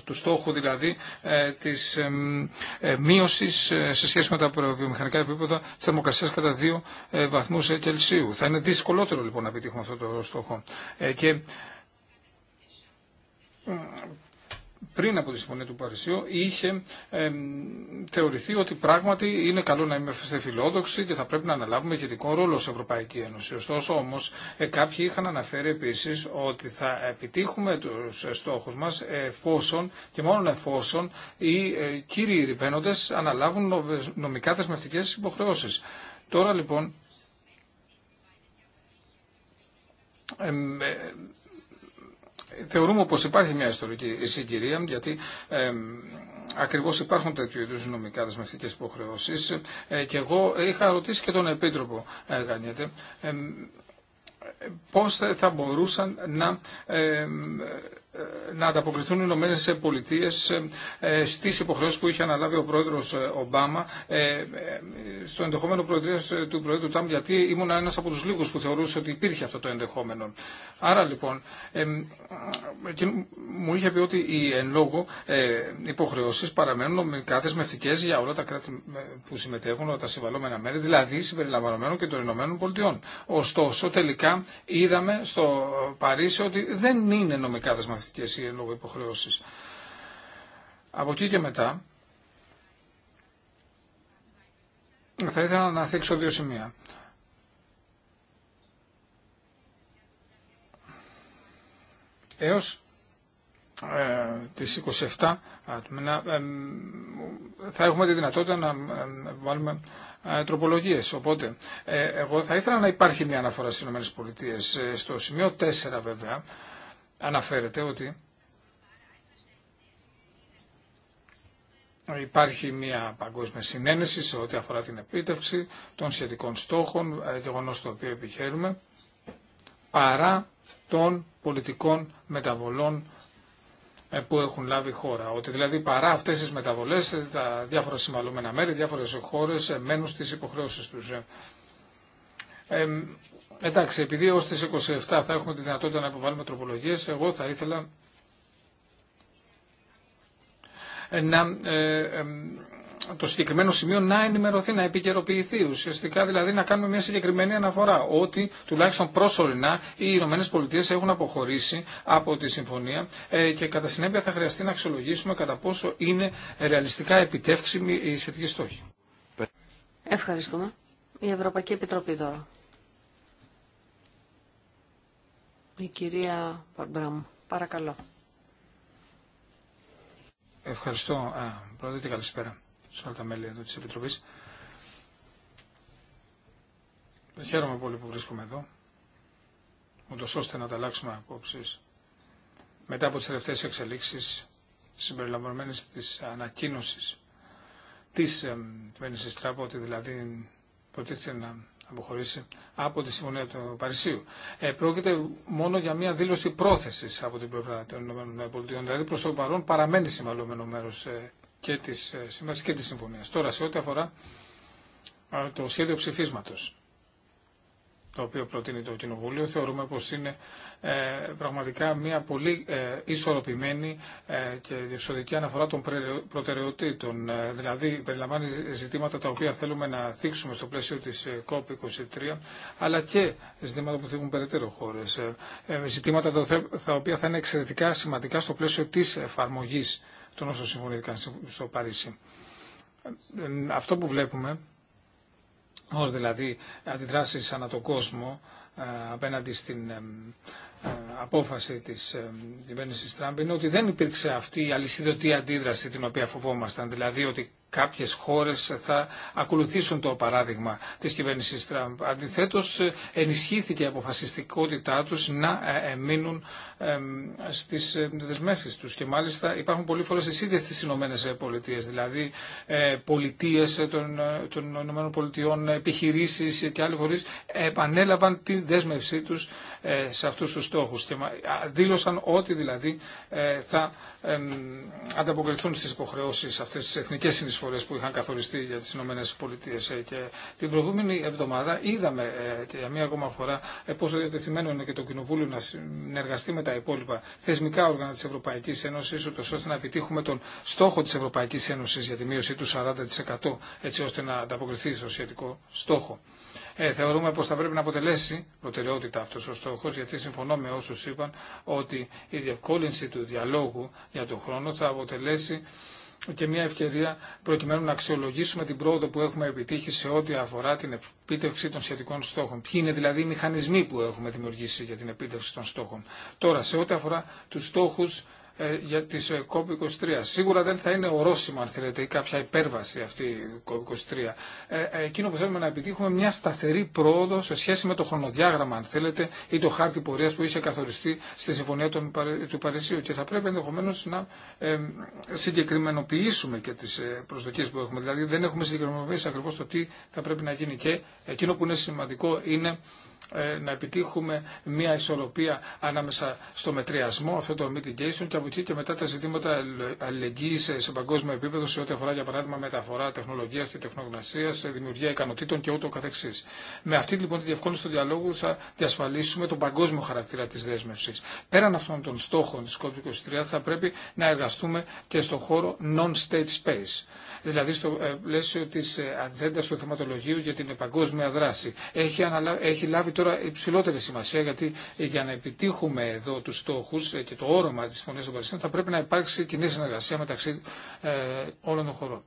του στόχου δηλαδή ε, της ε, μείωσης σε σχέση με τα βιομηχανικά επίπεδα της θερμοκρασίας κατά 2 βαθμούς Κελσίου. Θα είναι δυσκολότερο λοιπόν να επιτύχουμε αυτό το στόχο. και πριν από τη Συμφωνία του Παρισιού είχε θεωρηθεί ότι πράγματι είναι καλό να είμαστε φιλόδοξοι και θα πρέπει να αναλάβουμε ηγετικό ρόλο σε Ευρωπαϊκή Ένωση. Ωστόσο όμως ε, κάποιοι είχαν αναφέρει επίσης ότι θα επιτύχουμε τους ε, στόχους μας εφόσον και μόνο εφόσον οι ε, κύριοι ρηπαίνοντε αναλάβουν νομικά δεσμευτικέ υποχρεώσει. Τώρα λοιπόν ε, Θεωρούμε πως υπάρχει μια ιστορική συγκυρία γιατί ε, ακριβώς υπάρχουν τέτοιου είδους νομικά δεσμευτικές υποχρεώσεις ε, και εγώ είχα ρωτήσει και τον Επίτροπο ε, Γανιέτε πώς θα μπορούσαν να να ανταποκριθούν οι Ηνωμένε Πολιτείε ε, ε, στι υποχρεώσει που είχε αναλάβει ο πρόεδρο ε, Ομπάμα στο ενδεχόμενο προεδρία του πρόεδρου Τάμπ, γιατί ήμουν ένα από του λίγου που θεωρούσε ότι υπήρχε αυτό το ενδεχόμενο. Άρα λοιπόν, μου είχε πει ότι οι εν λόγω υποχρεώσει παραμένουν νομικά δεσμευτικέ για όλα τα κράτη που συμμετέχουν, τα συμβαλόμενα μέρη, δηλαδή συμπεριλαμβανομένων και των Ηνωμένων Πολιτειών. Ωστόσο, τελικά είδαμε στο Παρίσι ότι δεν είναι νομικά ή λόγω υποχρεώσεις. Από εκεί και μετά θα ήθελα να θέξω δύο σημεία. Έως ε, τις 27 ε, θα έχουμε τη δυνατότητα να ε, βάλουμε ε, τροπολογίες. Οπότε εγώ θα ήθελα να υπάρχει μια αναφορά στις ΗΠΑ. Στο σημείο 4 βέβαια αναφέρεται ότι υπάρχει μια παγκόσμια συνένεση σε ό,τι αφορά την επίτευξη των σχετικών στόχων, ε, γεγονό το οποίο επιχαίρουμε, παρά των πολιτικών μεταβολών ε, που έχουν λάβει χώρα. Ότι δηλαδή παρά αυτέ τι μεταβολέ, ε, τα διάφορα συμβαλωμένα μέρη, διάφορε χώρε μένουν στι υποχρεώσει του. Εντάξει, επειδή ω τι 27 θα έχουμε τη δυνατότητα να υποβάλουμε τροπολογίε, εγώ θα ήθελα ε, να, ε, ε, το συγκεκριμένο σημείο να ενημερωθεί, να επικαιροποιηθεί ουσιαστικά, δηλαδή να κάνουμε μια συγκεκριμένη αναφορά ότι τουλάχιστον προσωρινά οι Ηνωμένε Πολιτείε έχουν αποχωρήσει από τη συμφωνία και κατά συνέπεια θα χρειαστεί να αξιολογήσουμε κατά πόσο είναι ρεαλιστικά επιτεύξιμη η σχετική στόχη. Ευχαριστούμε. Η Ευρωπαϊκή Επιτροπή τώρα. Η κυρία Παρμπραμ, παρακαλώ. Ευχαριστώ, Πρόεδρε, και καλησπέρα σε όλα τα μέλη της Επιτροπής. Χαίρομαι πολύ που βρίσκομαι εδώ, ούτω ώστε να ανταλλάξουμε απόψει μετά από τις τελευταίε εξελίξεις συμπεριλαμβανμένες της ανακοίνωσης της κυβέρνηση Τράπο, ότι δηλαδή προτίθεται να αποχωρήσει από τη Συμφωνία του Παρισίου. Ε, πρόκειται μόνο για μια δήλωση πρόθεση από την πλευρά των ΗΠΑ. Δηλαδή προ το παρόν παραμένει συμβαλλόμενο μέρο ε, και τη ε, σύμβαση και τη Συμφωνία. Τώρα, σε ό,τι αφορά ε, το σχέδιο ψηφίσματο το οποίο προτείνει το Κοινοβούλιο, θεωρούμε πως είναι ε, πραγματικά μια πολύ ε, ισορροπημένη ε, και διεξοδική αναφορά των προτεραιοτήτων. δηλαδή, περιλαμβάνει ζητήματα τα οποία θέλουμε να θίξουμε στο πλαίσιο της COP23, αλλά και ζητήματα που θίγουν περαιτέρω χώρες. ζητήματα τα οποία θα είναι εξαιρετικά σημαντικά στο πλαίσιο της εφαρμογής των όσων συμφωνήθηκαν στο Παρίσι. Αυτό που βλέπουμε ως δηλαδή αντιδράσεις ανά τον κόσμο ε, απέναντι στην ε, ε, απόφαση της κυβέρνηση Τραμπ είναι ότι δεν υπήρξε αυτή η αλυσιδωτή αντίδραση την οποία φοβόμασταν. Δηλαδή ότι κάποιες χώρες θα ακολουθήσουν το παράδειγμα της κυβέρνησης Τραμπ. Αντιθέτως, ενισχύθηκε η αποφασιστικότητά τους να ε, ε, μείνουν στις ε, δεσμεύσεις τους. Και μάλιστα υπάρχουν πολλοί φορές τις ίδιες τις Ηνωμένες Πολιτείες, δηλαδή πολιτείες των, Ηνωμένων Πολιτειών, επιχειρήσεις και άλλοι φορεί επανέλαβαν τη δέσμευσή τους σε αυτούς τους στόχους και δήλωσαν ότι δηλαδή θα ανταποκριθούν στις υποχρεώσεις αυτές τις εθνικές συνεισφορές που είχαν καθοριστεί για τις Ηνωμένες Πολιτείες. Ε, και την προηγούμενη εβδομάδα είδαμε ε, και για μία ακόμα φορά ε, πόσο διατεθειμένο είναι και το Κοινοβούλιο να συνεργαστεί με τα υπόλοιπα θεσμικά όργανα της Ευρωπαϊκής Ένωσης ώστε να επιτύχουμε τον στόχο της Ευρωπαϊκής Ένωσης για τη μείωση του 40% έτσι ώστε να ανταποκριθεί στο σχετικό στόχο. Ε, θεωρούμε πως θα πρέπει να αποτελέσει προτεραιότητα αυτός ο στόχος, γιατί συμφωνώ με όσους είπαν ότι η διευκόλυνση του διαλόγου για τον χρόνο θα αποτελέσει και μια ευκαιρία προκειμένου να αξιολογήσουμε την πρόοδο που έχουμε επιτύχει σε ό,τι αφορά την επίτευξη των σχετικών στόχων. Ποιοι είναι δηλαδή οι μηχανισμοί που έχουμε δημιουργήσει για την επίτευξη των στόχων. Τώρα, σε ό,τι αφορά τους στόχους ε, για τις COP23. Ε, Σίγουρα δεν θα είναι ορόσημα, αν θέλετε, ή κάποια υπέρβαση αυτή η COP23. Ε, εκείνο που θέλουμε να επιτύχουμε μια σταθερή πρόοδο σε σχέση με το χρονοδιάγραμμα, αν θέλετε, ή το χάρτη πορείας που είχε καθοριστεί στη Συμφωνία του Παρισίου. Και θα πρέπει ενδεχομένω να συγκεκριμενοποιήσουμε και τις προσδοκίες που έχουμε. Δηλαδή δεν έχουμε συγκεκριμενοποιήσει ακριβώς το τι θα πρέπει να γίνει. Και εκείνο που είναι σημαντικό είναι ε, να επιτύχουμε μια ισορροπία ανάμεσα στο μετριασμό, αυτό το mitigation και από εκεί και μετά τα ζητήματα αλληλεγγύη σε παγκόσμιο επίπεδο σε ό,τι αφορά για παράδειγμα μεταφορά τεχνολογία και τεχνογνωσίας, δημιουργία ικανοτήτων και ούτω καθεξής. Με αυτή λοιπόν τη διευκόλυνση του διαλόγου θα διασφαλίσουμε τον παγκόσμιο χαρακτήρα τη δέσμευση. Πέραν αυτών των στόχων τη COP23 θα πρέπει να εργαστούμε και στον χώρο non-state space δηλαδή στο ε, πλαίσιο τη ε, ατζέντα του θεματολογίου για την παγκόσμια δράση. Έχει, έχει λάβει τώρα υψηλότερη σημασία γιατί για να επιτύχουμε εδώ του στόχου ε, και το όρομα τη Συμφωνία των Παρισίων θα πρέπει να υπάρξει κοινή συνεργασία μεταξύ όλων των χωρών.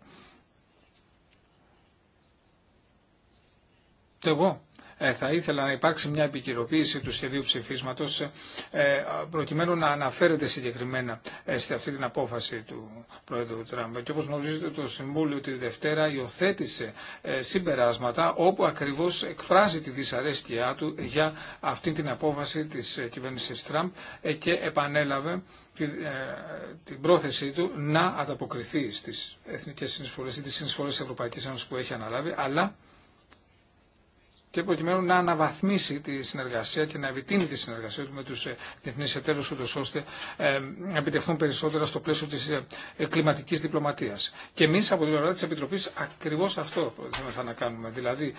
Το εγώ ε, θα ήθελα να υπάρξει μια επικυρωποίηση του σχεδίου ψηφίσματος ε, ε, προκειμένου να αναφέρεται συγκεκριμένα σε αυτή την απόφαση του Πρόεδρου Τραμπ. Και όπω γνωρίζετε το Συμβούλιο τη Δευτέρα υιοθέτησε συμπεράσματα όπου ακριβώ εκφράζει τη δυσαρέσκειά του για αυτή την απόφαση τη κυβέρνηση Τραμπ και επανέλαβε την πρόθεσή του να ανταποκριθεί στις εθνικές συνεισφορές ή τις συνεισφορές της Ευρωπαϊκής Ένωσης που έχει αναλάβει, αλλά και προκειμένου να αναβαθμίσει τη συνεργασία και να επιτείνει τη συνεργασία του με του ε, διεθνεί εταίρου, ούτω ώστε ε, να επιτευχθούν περισσότερα στο πλαίσιο τη ε, κλιματική διπλωματία. Και εμεί από την πλευρά τη Επιτροπή ακριβώ αυτό θα να κάνουμε. Δηλαδή,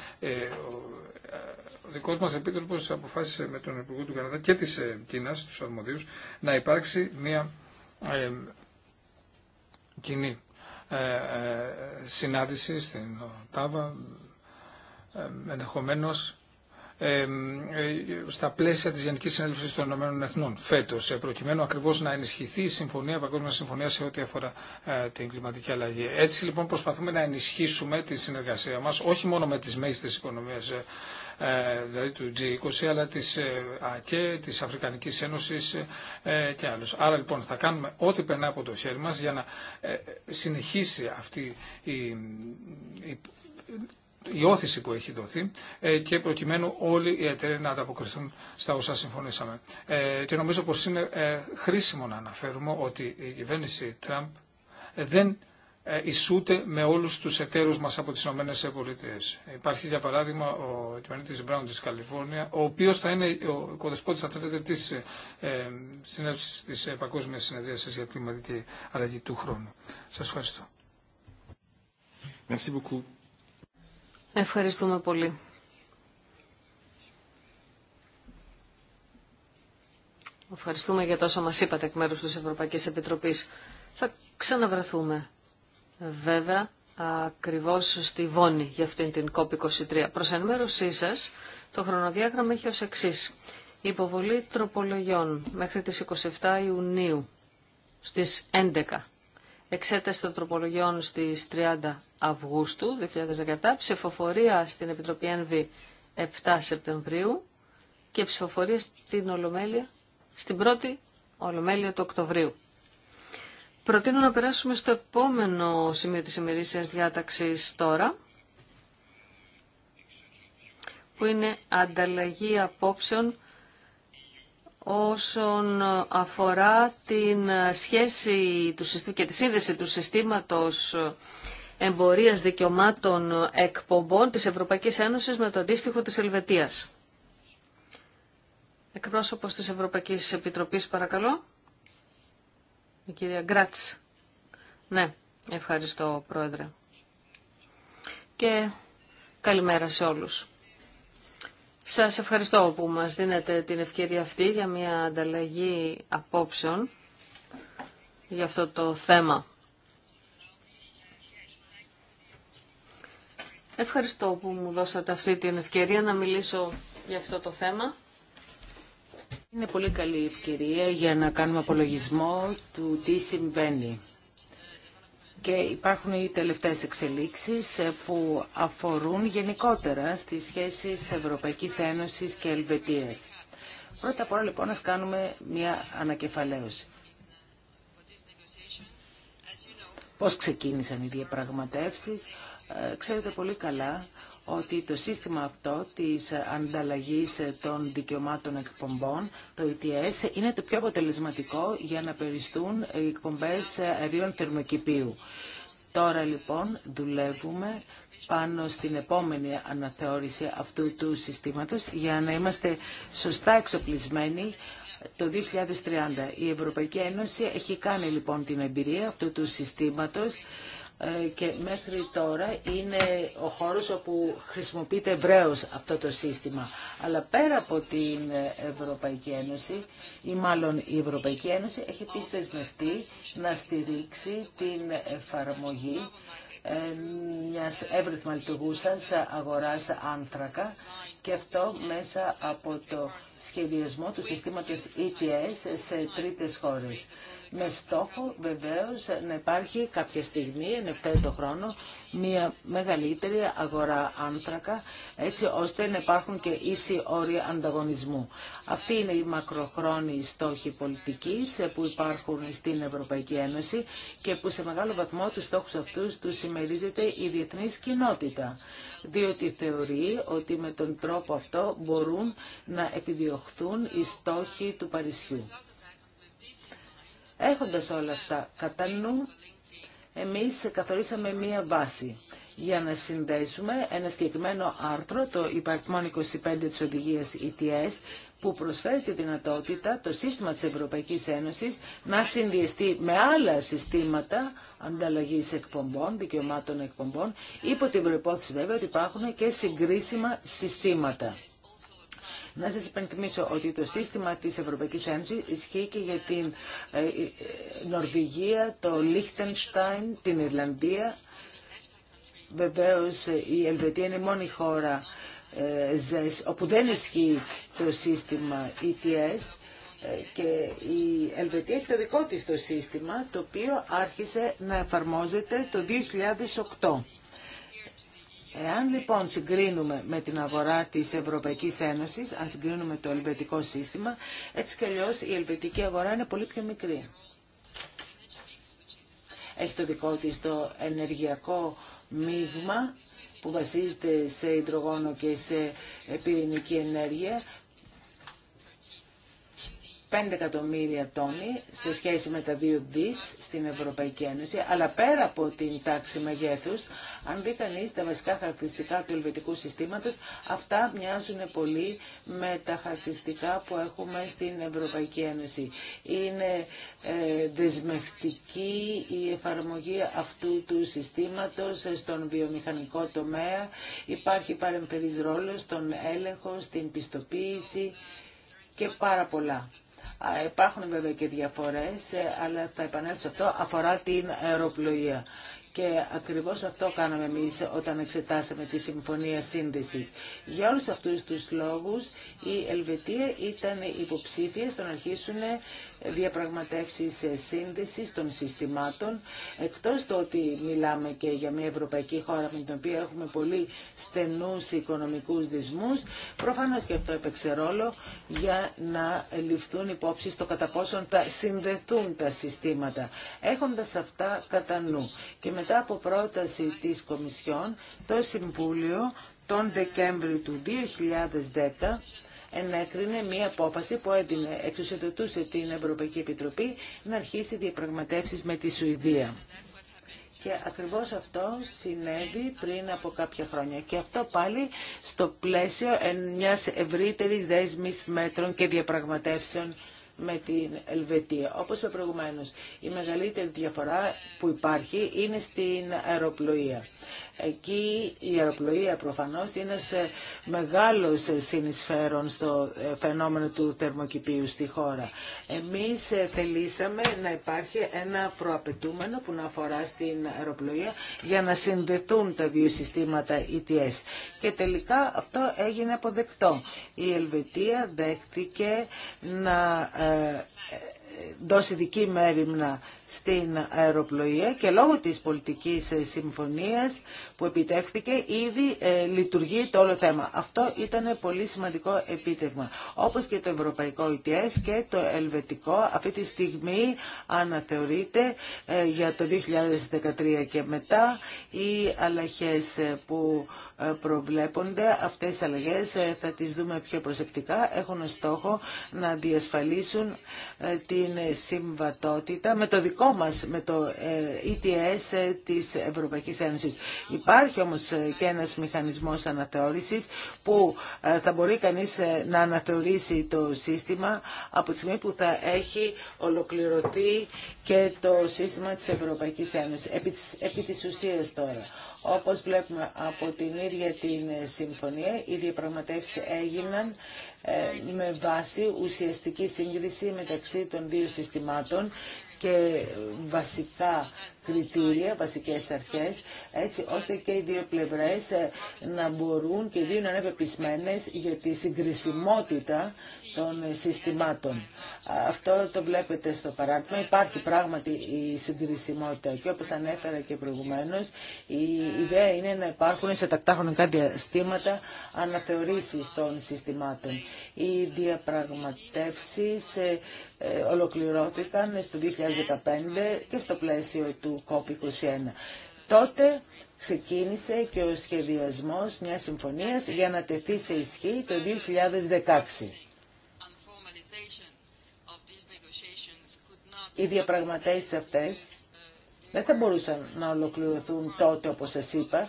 ο δικό μα Επίτροπο αποφάσισε με τον Υπουργό του Καναδά και τη Κίνα, του αρμοδίου, να υπάρξει μια κοινή συνάντηση στην ΤΑΒΑ ε, Ενδεχομένω ε, ε, στα πλαίσια της Γενικής Συνέλευσης των Ηνωμένων Εθνών φέτος, προκειμένου ακριβώς να ενισχυθεί η Συμφωνία, η Παγκόσμια Συμφωνία σε ό,τι αφορά την κλιματική αλλαγή. Έτσι λοιπόν προσπαθούμε να ενισχύσουμε τη συνεργασία μας, όχι μόνο με τις μέγιστες οικονομίες, δηλαδή του G20, αλλά της ΑΚΕ, της Αφρικανικής Ένωσης και άλλους. Άρα λοιπόν θα κάνουμε ό,τι περνά από το χέρι μας για να συνεχίσει αυτή η η όθηση που έχει δοθεί ε, και προκειμένου όλοι οι εταιρείε να ανταποκριθούν στα όσα συμφωνήσαμε. Ε, και νομίζω πως είναι ε, χρήσιμο να αναφέρουμε ότι η κυβέρνηση Τραμπ δεν ισούται με όλους τους εταίρους μας από τις ΗΠΑ. Υπάρχει για παράδειγμα ο κυβερνήτης Μπράουν της Καλιφόρνια, ο οποίος θα είναι ο κοδεσπότης αν της ε, συνέλευσης της ε, Παγκόσμιας Συνεδρίας για κλιματική αλλαγή του χρόνου. Σας ευχαριστώ. Merci beaucoup. Ευχαριστούμε πολύ. Ευχαριστούμε για τόσα μας είπατε εκ μέρους της Ευρωπαϊκής Επιτροπής. Θα ξαναβρεθούμε βέβαια ακριβώς στη Βόνη για αυτήν την COP23. Προς ενημέρωσή σας, το χρονοδιάγραμμα έχει ως εξή υποβολή τροπολογιών μέχρι τις 27 Ιουνίου στις 11 εξέταση των τροπολογιών στις 30 Αυγούστου 2017, ψηφοφορία στην Επιτροπή ΕΝΒΗ 7 Σεπτεμβρίου και ψηφοφορία στην Ολομέλεια, στην πρώτη Ολομέλεια του Οκτωβρίου. Προτείνω να περάσουμε στο επόμενο σημείο της ημερήσιας διάταξης τώρα, που είναι ανταλλαγή απόψεων όσον αφορά την σχέση του και τη σύνδεση του συστήματος εμπορίας δικαιωμάτων εκπομπών της Ευρωπαϊκής Ένωσης με το αντίστοιχο της Ελβετίας. Εκπρόσωπος της Ευρωπαϊκής Επιτροπής, παρακαλώ. Η κυρία Γκράτς. Ναι, ευχαριστώ, Πρόεδρε. Και καλημέρα σε όλους. Σας ευχαριστώ που μας δίνετε την ευκαιρία αυτή για μια ανταλλαγή απόψεων για αυτό το θέμα. Ευχαριστώ που μου δώσατε αυτή την ευκαιρία να μιλήσω για αυτό το θέμα. Είναι πολύ καλή ευκαιρία για να κάνουμε απολογισμό του τι συμβαίνει και υπάρχουν οι τελευταίες εξελίξεις ε, που αφορούν γενικότερα στις σχέσεις Ευρωπαϊκής Ένωσης και Ελβετίας. Πρώτα απ' όλα λοιπόν ας κάνουμε μια ανακεφαλαίωση. Πώς ξεκίνησαν οι διαπραγματεύσεις. Ε, ξέρετε πολύ καλά ότι το σύστημα αυτό της ανταλλαγής των δικαιωμάτων εκπομπών, το ETS, είναι το πιο αποτελεσματικό για να περιστούν οι εκπομπές αερίων θερμοκηπίου. Τώρα λοιπόν δουλεύουμε πάνω στην επόμενη αναθεώρηση αυτού του συστήματος για να είμαστε σωστά εξοπλισμένοι το 2030. Η Ευρωπαϊκή Ένωση έχει κάνει λοιπόν την εμπειρία αυτού του συστήματος ε, και μέχρι τώρα είναι ο χώρος όπου χρησιμοποιείται ευρέως αυτό το σύστημα. Αλλά πέρα από την Ευρωπαϊκή Ένωση, ή μάλλον η Ευρωπαϊκή Ένωση έχει επίσης να στηρίξει την εφαρμογή ε, μιας εύρυθμα λειτουργούσα αγοράς άνθρακα και αυτό μέσα από το σχεδιασμό του συστήματος ETS σε τρίτες χώρες με στόχο βεβαίως να υπάρχει κάποια στιγμή, εν ευθέτω χρόνο, μια μεγαλύτερη αγορά άνθρακα, έτσι ώστε να υπάρχουν και ίσοι όρια ανταγωνισμού. Αυτή είναι η μακροχρόνια στόχοι πολιτικής που υπάρχουν στην Ευρωπαϊκή Ένωση και που σε μεγάλο βαθμό τους στόχους αυτούς τους συμμερίζεται η διεθνής κοινότητα, διότι θεωρεί ότι με τον τρόπο αυτό μπορούν να επιδιωχθούν οι στόχοι του Παρισιού. Έχοντας όλα αυτά κατά νου, εμείς καθορίσαμε μία βάση για να συνδέσουμε ένα συγκεκριμένο άρθρο, το υπαρτμόν 25 της οδηγίας ETS, που προσφέρει τη δυνατότητα το σύστημα της Ευρωπαϊκής Ένωσης να συνδυαστεί με άλλα συστήματα ανταλλαγής εκπομπών, δικαιωμάτων εκπομπών, υπό την προπόθεση βέβαια ότι υπάρχουν και συγκρίσιμα συστήματα. Να σας υπενθυμίσω ότι το σύστημα της Ευρωπαϊκής Ένωσης ισχύει και για την ε, ε, Νορβηγία, το Λίχτενστάιν, την Ιρλανδία. Βεβαίως η Ελβετία είναι η μόνη χώρα ε, όπου δεν ισχύει το σύστημα ETS και η Ελβετία έχει το δικό της το σύστημα το οποίο άρχισε να εφαρμόζεται το 2008. Εάν λοιπόν συγκρίνουμε με την αγορά της Ευρωπαϊκής Ένωσης, αν συγκρίνουμε το ελβετικό σύστημα, έτσι κι αλλιώς η ελβετική αγορά είναι πολύ πιο μικρή. Έχει το δικό της το ενεργειακό μείγμα που βασίζεται σε υδρογόνο και σε πυρηνική ενέργεια. 5 εκατομμύρια τόνοι σε σχέση με τα 2 δις στην Ευρωπαϊκή Ένωση, αλλά πέρα από την τάξη μεγέθους, αν δει κανεί τα βασικά χαρακτηριστικά του ελβετικού συστήματος, αυτά μοιάζουν πολύ με τα χαρακτηριστικά που έχουμε στην Ευρωπαϊκή Ένωση. Είναι ε, δεσμευτική η εφαρμογή αυτού του συστήματος στον βιομηχανικό τομέα. Υπάρχει παρεμφερής ρόλο στον έλεγχο, στην πιστοποίηση και πάρα πολλά. Υπάρχουν βέβαια και διαφορές, ε, αλλά θα επανέλθω σε αυτό, αφορά την αεροπλοεία. Και ακριβώς αυτό κάναμε εμείς όταν εξετάσαμε τη Συμφωνία Σύνδεσης. Για όλους αυτούς τους λόγους η Ελβετία ήταν υποψήφια στο να αρχίσουν διαπραγματεύσεις σύνδεσης των συστημάτων, εκτός το ότι μιλάμε και για μια ευρωπαϊκή χώρα με την οποία έχουμε πολύ στενούς οικονομικούς δυσμούς, προφανώς και αυτό έπαιξε ρόλο για να ληφθούν υπόψη στο κατά πόσον θα συνδεθούν τα συστήματα, έχοντας αυτά κατά μετά από πρόταση της Κομισιόν, το Συμβούλιο τον Δεκέμβρη του 2010 ενέκρινε μία απόφαση που έδινε, εξουσιοδοτούσε την Ευρωπαϊκή Επιτροπή να αρχίσει διαπραγματεύσεις με τη Σουηδία. Και ακριβώς αυτό συνέβη πριν από κάποια χρόνια. Και αυτό πάλι στο πλαίσιο μιας ευρύτερης δέσμης μέτρων και διαπραγματεύσεων με την Ελβετία. Όπως είπα προηγουμένως, η μεγαλύτερη διαφορά που υπάρχει είναι στην αεροπλοεία. Εκεί η αεροπλοεία προφανώς είναι σε μεγάλος συνεισφέρον στο ε, φαινόμενο του θερμοκηπίου στη χώρα. Εμείς ε, θελήσαμε να υπάρχει ένα προαπαιτούμενο που να αφορά στην αεροπλοεία για να συνδεθούν τα δύο συστήματα ETS. Και τελικά αυτό έγινε αποδεκτό. Η Ελβετία δέχτηκε να ε, Ευχαριστώ δώσει δική μέρημνα στην αεροπλοεία και λόγω της πολιτικής ε, συμφωνίας που επιτέχθηκε ήδη ε, λειτουργεί το όλο θέμα. Αυτό ήταν πολύ σημαντικό επίτευγμα. Όπως και το Ευρωπαϊκό ΙΤΕΣ και το Ελβετικό αυτή τη στιγμή αναθεωρείται ε, για το 2013 και μετά οι αλλαχές που προβλέπονται, αυτές οι αλλαγές θα τις δούμε πιο προσεκτικά, έχουν στόχο να διασφαλίσουν την την συμβατότητα με το δικό μας, με το ε, ETS ε, της Ευρωπαϊκής Ένωσης. Υπάρχει όμως ε, και ένας μηχανισμός αναθεώρησης που θα μπορεί κανείς να αναθεωρήσει το σύστημα από τη στιγμή που θα έχει ολοκληρωθεί και το σύστημα της Ευρωπαϊκής Ένωσης. Επί της, επί της ουσίας τώρα. Όπως βλέπουμε από την ίδια την συμφωνία, οι διαπραγματεύσεις έγιναν ε, με βάση ουσιαστική σύγκριση μεταξύ των δύο συστημάτων και βασικά κριτήρια, βασικές αρχές, έτσι ώστε και οι δύο πλευρές ε, να μπορούν και οι δύο να είναι πεπισμένες για τη συγκρισιμότητα των συστημάτων. Αυτό το βλέπετε στο παράρτημα. Υπάρχει πράγματι η συγκρισιμότητα και όπως ανέφερα και προηγουμένως η ιδέα είναι να υπάρχουν σε τακτά χρονικά διαστήματα αναθεωρήσεις των συστημάτων. Οι διαπραγματεύσει ε, ε, ολοκληρώθηκαν στο 2015 και στο πλαίσιο του COP21. Τότε ξεκίνησε και ο σχεδιασμός μιας συμφωνίας για να τεθεί σε ισχύ το 2016. οι διαπραγματεύσεις αυτές δεν θα μπορούσαν να ολοκληρωθούν τότε, όπως σας είπα,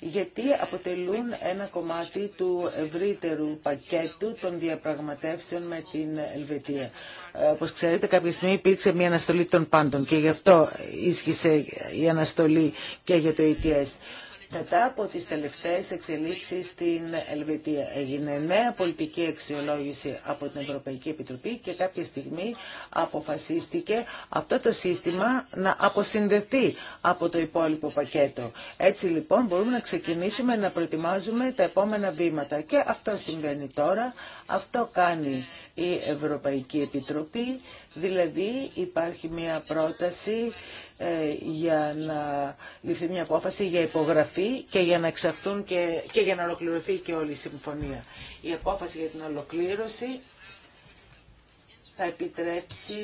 γιατί αποτελούν ένα κομμάτι του ευρύτερου πακέτου των διαπραγματεύσεων με την Ελβετία. Ε, όπως ξέρετε, κάποια στιγμή υπήρξε μια αναστολή των πάντων και γι' αυτό ίσχυσε η αναστολή και για το ETS μετά από τις τελευταίες εξελίξεις στην Ελβετία. Έγινε νέα πολιτική αξιολόγηση από την Ευρωπαϊκή Επιτροπή και κάποια στιγμή αποφασίστηκε αυτό το σύστημα να αποσυνδεθεί από το υπόλοιπο πακέτο. Έτσι λοιπόν μπορούμε να ξεκινήσουμε να προετοιμάζουμε τα επόμενα βήματα και αυτό συμβαίνει τώρα. Αυτό κάνει η Ευρωπαϊκή Επιτροπή, δηλαδή υπάρχει μια πρόταση ε, για να ληφθεί μια απόφαση για υπογραφή και για να εξαρθούν και, και για να ολοκληρωθεί και όλη η συμφωνία. Η απόφαση για την ολοκλήρωση θα επιτρέψει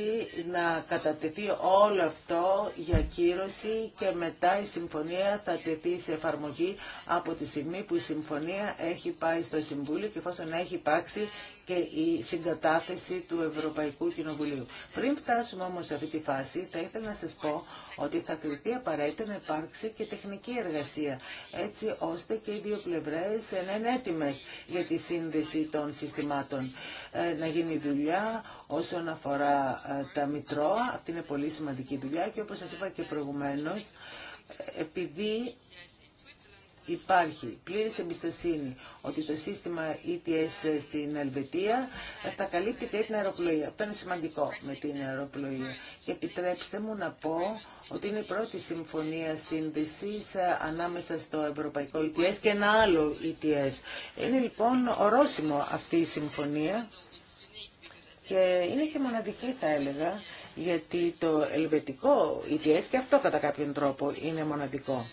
να κατατεθεί όλο αυτό για κύρωση και μετά η συμφωνία θα τεθεί σε εφαρμογή από τη στιγμή που η συμφωνία έχει πάει στο Συμβούλιο και εφόσον έχει υπάρξει και η συγκατάθεση του Ευρωπαϊκού Κοινοβουλίου. Πριν φτάσουμε όμως σε αυτή τη φάση, θα ήθελα να σας πω ότι θα κριθεί απαραίτητο να υπάρξει και τεχνική εργασία, έτσι ώστε και οι δύο πλευρές ε, να είναι έτοιμες για τη σύνδεση των συστημάτων. Ε, να γίνει δουλειά όσον αφορά ε, τα μητρώα, αυτή είναι πολύ σημαντική δουλειά και όπως σας είπα και προηγουμένως, επειδή υπάρχει πλήρη εμπιστοσύνη ότι το σύστημα ETS στην Ελβετία θα καλύπτει και την αεροπλοεία. Αυτό είναι σημαντικό με την αεροπλοεία. Και επιτρέψτε μου να πω ότι είναι η πρώτη συμφωνία σύνδεση ανάμεσα στο Ευρωπαϊκό ETS και ένα άλλο ETS. Είναι λοιπόν ορόσημο αυτή η συμφωνία και είναι και μοναδική θα έλεγα γιατί το ελβετικό ETS και αυτό κατά κάποιον τρόπο είναι μοναδικό.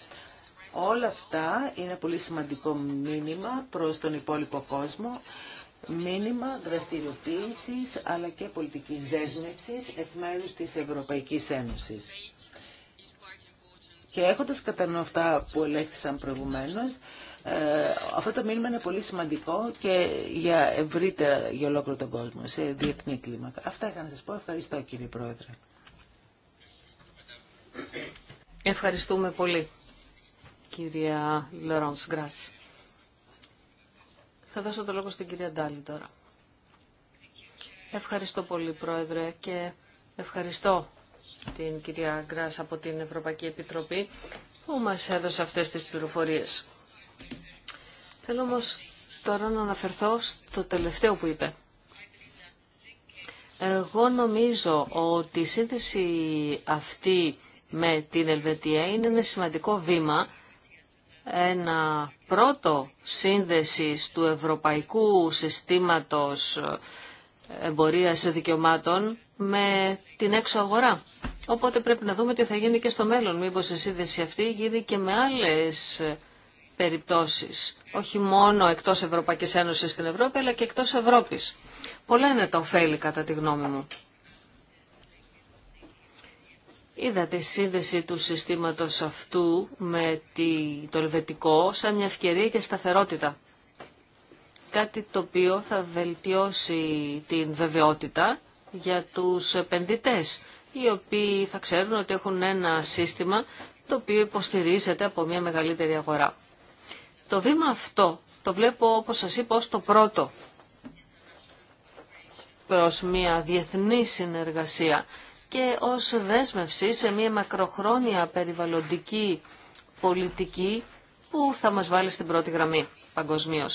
Όλα αυτά είναι πολύ σημαντικό μήνυμα προς τον υπόλοιπο κόσμο, μήνυμα δραστηριοποίησης αλλά και πολιτικής δέσμευσης εκ μέρου της Ευρωπαϊκής Ένωσης. Και έχοντας κατά αυτά που ελέγχθησαν προηγουμένως, ε, αυτό το μήνυμα είναι πολύ σημαντικό και για ευρύτερα, για ολόκληρο τον κόσμο, σε διεθνή κλίμακα. Αυτά είχα να σας πω. Ευχαριστώ κύριε Πρόεδρε. Ευχαριστούμε πολύ κυρία Λορόνς Γκράς. Θα δώσω το λόγο στην κυρία Ντάλη τώρα. Ευχαριστώ πολύ, Πρόεδρε, και ευχαριστώ την κυρία Γκράς από την Ευρωπαϊκή Επιτροπή που μας έδωσε αυτές τις πληροφορίες. Θέλω όμω τώρα να αναφερθώ στο τελευταίο που είπε. Εγώ νομίζω ότι η σύνθεση αυτή με την Ελβετία είναι ένα σημαντικό βήμα ένα πρώτο σύνδεσης του Ευρωπαϊκού Συστήματος Εμπορίας Δικαιωμάτων με την έξω αγορά. Οπότε πρέπει να δούμε τι θα γίνει και στο μέλλον. Μήπως η σύνδεση αυτή γίνει και με άλλες περιπτώσεις. Όχι μόνο εκτός Ευρωπαϊκής Ένωσης στην Ευρώπη, αλλά και εκτός Ευρώπης. Πολλά είναι τα ωφέλη κατά τη γνώμη μου. Είδα τη σύνδεση του συστήματος αυτού με το ελβετικό σαν μια ευκαιρία και σταθερότητα. Κάτι το οποίο θα βελτιώσει την βεβαιότητα για τους επενδυτές, οι οποίοι θα ξέρουν ότι έχουν ένα σύστημα το οποίο υποστηρίζεται από μια μεγαλύτερη αγορά. Το βήμα αυτό το βλέπω όπως σας είπα ως το πρώτο προς μια διεθνή συνεργασία και ως δέσμευση σε μια μακροχρόνια περιβαλλοντική πολιτική που θα μας βάλει στην πρώτη γραμμή παγκοσμίω.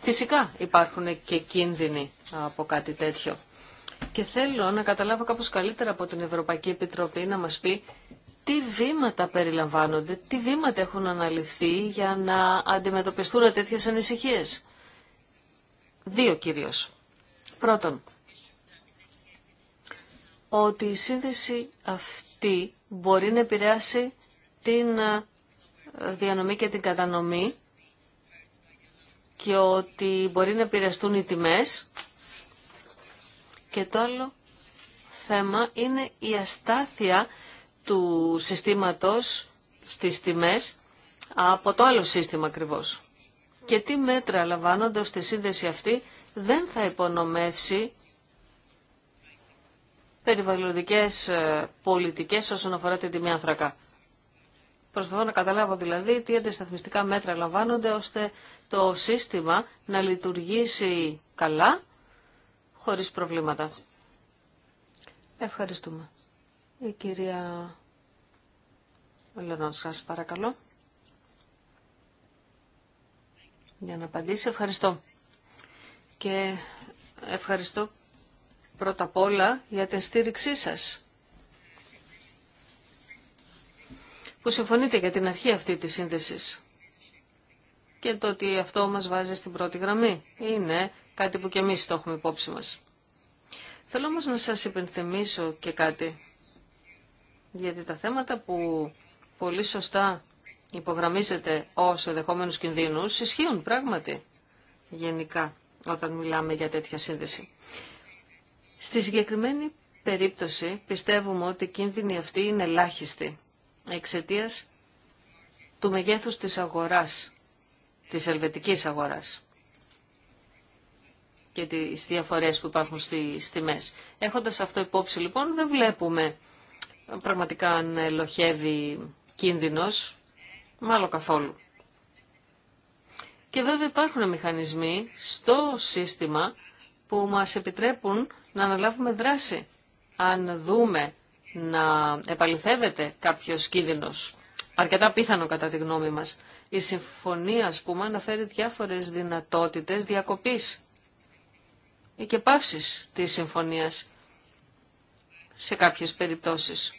Φυσικά υπάρχουν και κίνδυνοι από κάτι τέτοιο. Και θέλω να καταλάβω κάπως καλύτερα από την Ευρωπαϊκή Επιτροπή να μας πει τι βήματα περιλαμβάνονται, τι βήματα έχουν αναλυθεί για να αντιμετωπιστούν τέτοιες ανησυχίες. Δύο κυρίως. Πρώτον, ότι η σύνδεση αυτή μπορεί να επηρεάσει την ε, διανομή και την κατανομή και ότι μπορεί να επηρεαστούν οι τιμές. Και το άλλο θέμα είναι η αστάθεια του συστήματος στις τιμές από το άλλο σύστημα ακριβώ. Και τι μέτρα λαμβάνοντας τη σύνδεση αυτή δεν θα υπονομεύσει περιβαλλοντικές ε, πολιτικές όσον αφορά την τιμή άνθρακα. Προσπαθώ να καταλάβω δηλαδή τι αντισταθμιστικά μέτρα λαμβάνονται ώστε το σύστημα να λειτουργήσει καλά, χωρίς προβλήματα. Ευχαριστούμε. Η κυρία Λενόνσκας, παρακαλώ. Για να απαντήσει, ευχαριστώ. Και ευχαριστώ πρώτα απ' όλα για την στήριξή σας που συμφωνείτε για την αρχή αυτή της σύνδεσης και το ότι αυτό μας βάζει στην πρώτη γραμμή. Είναι κάτι που και εμείς το έχουμε υπόψη μας. Θέλω όμως να σας υπενθυμίσω και κάτι, γιατί τα θέματα που πολύ σωστά υπογραμμίζετε ως δεχόμενους κινδύνους ισχύουν πράγματι γενικά όταν μιλάμε για τέτοια σύνδεση. Στη συγκεκριμένη περίπτωση πιστεύουμε ότι οι κίνδυνοι αυτοί είναι ελάχιστη εξαιτία του μεγέθους της αγοράς, της ελβετικής αγοράς και τις διαφορές που υπάρχουν στις τιμές. Έχοντας αυτό υπόψη λοιπόν δεν βλέπουμε πραγματικά αν ελοχεύει κίνδυνος, μάλλον καθόλου. Και βέβαια υπάρχουν μηχανισμοί στο σύστημα που μας επιτρέπουν να αναλάβουμε δράση αν δούμε να επαληθεύεται κάποιος κίνδυνος. Αρκετά πίθανο κατά τη γνώμη μας. Η συμφωνία, ας πούμε, αναφέρει διάφορες δυνατότητες διακοπής ή και παύσης της συμφωνίας σε κάποιες περιπτώσεις.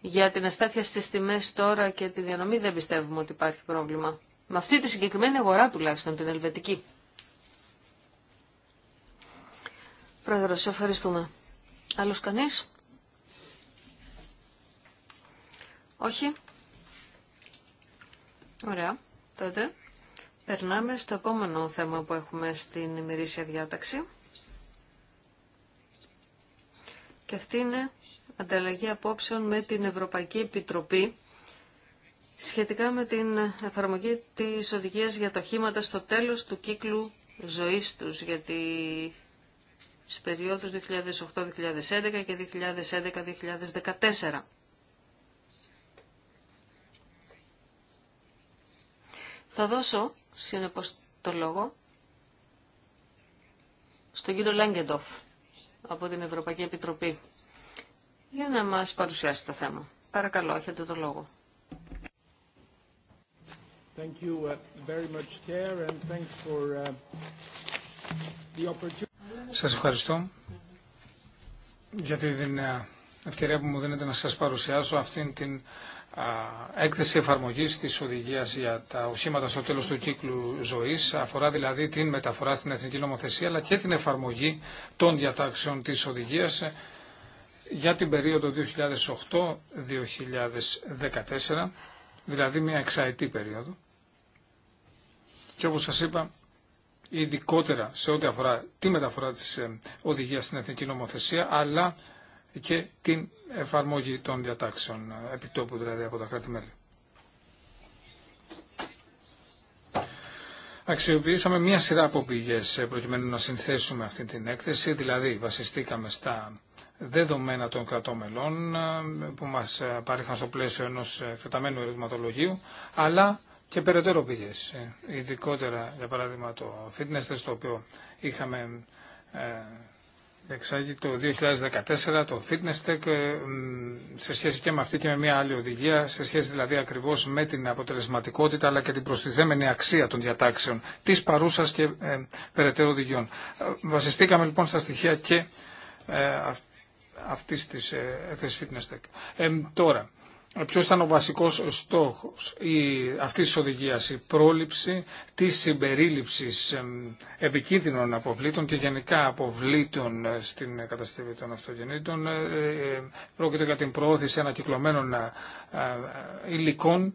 Για την αστάθεια στις τιμές τώρα και τη διανομή δεν πιστεύουμε ότι υπάρχει πρόβλημα. Με αυτή τη συγκεκριμένη αγορά τουλάχιστον την ελβετική. Πρόεδρος, ευχαριστούμε. Άλλους κανείς? Όχι? Ωραία. Τότε περνάμε στο επόμενο θέμα που έχουμε στην ημερήσια διάταξη. Και αυτή είναι ανταλλαγή απόψεων με την Ευρωπαϊκή Επιτροπή σχετικά με την εφαρμογή της οδηγίας για τα οχήματα στο τέλος του κύκλου ζωής τους, γιατί στις περιόδους 2008-2011 και 2011-2014. Θα δώσω συνεπώς το λόγο στον κύριο Λέγκεντοφ από την Ευρωπαϊκή Επιτροπή για να μας παρουσιάσει το θέμα. Παρακαλώ, έχετε το λόγο. Thank you uh, very much, and thanks for uh, the opportunity. Σας ευχαριστώ για την ε, ευκαιρία που μου δίνετε να σας παρουσιάσω αυτήν την έκθεση εφαρμογής της οδηγίας για τα οχήματα στο τέλος του κύκλου ζωής. Αφορά δηλαδή την μεταφορά στην εθνική νομοθεσία αλλά και την εφαρμογή των διατάξεων της οδηγίας για την περίοδο 2008-2014, δηλαδή μια εξαετή περίοδο. Και όπως σας είπα, ειδικότερα σε ό,τι αφορά τη μεταφορά της ε, οδηγίας στην εθνική νομοθεσία, αλλά και την εφαρμόγη των διατάξεων ε, επιτόπου δηλαδή από τα κράτη-μέλη. Αξιοποιήσαμε μία σειρά από πηγές ε, προκειμένου να συνθέσουμε αυτή την έκθεση, δηλαδή βασιστήκαμε στα δεδομένα των κρατών που μας παρέχαν στο πλαίσιο ενός κραταμένου ερωτηματολογίου, αλλά και περαιτέρω πηγέ. Ε, ειδικότερα, για παράδειγμα, το fitness test το οποίο είχαμε ε, εξάγει το 2014, το fitness tech, ε, σε σχέση και με αυτή και με μια άλλη οδηγία, σε σχέση δηλαδή ακριβώς με την αποτελεσματικότητα αλλά και την προστιθέμενη αξία των διατάξεων της παρούσας και ε, περαιτέρω οδηγιών. Βασιστήκαμε λοιπόν στα στοιχεία και ε, αυτής της ε, fitness tech. τώρα, ε, ποιος ήταν ο βασικός στόχος η, αυτής της η πρόληψη της συμπερίληψης επικίνδυνων αποβλήτων και γενικά αποβλήτων ε, στην κατασκευή των αυτοκινήτων. Ε, πρόκειται για την προώθηση ανακυκλωμένων υλικών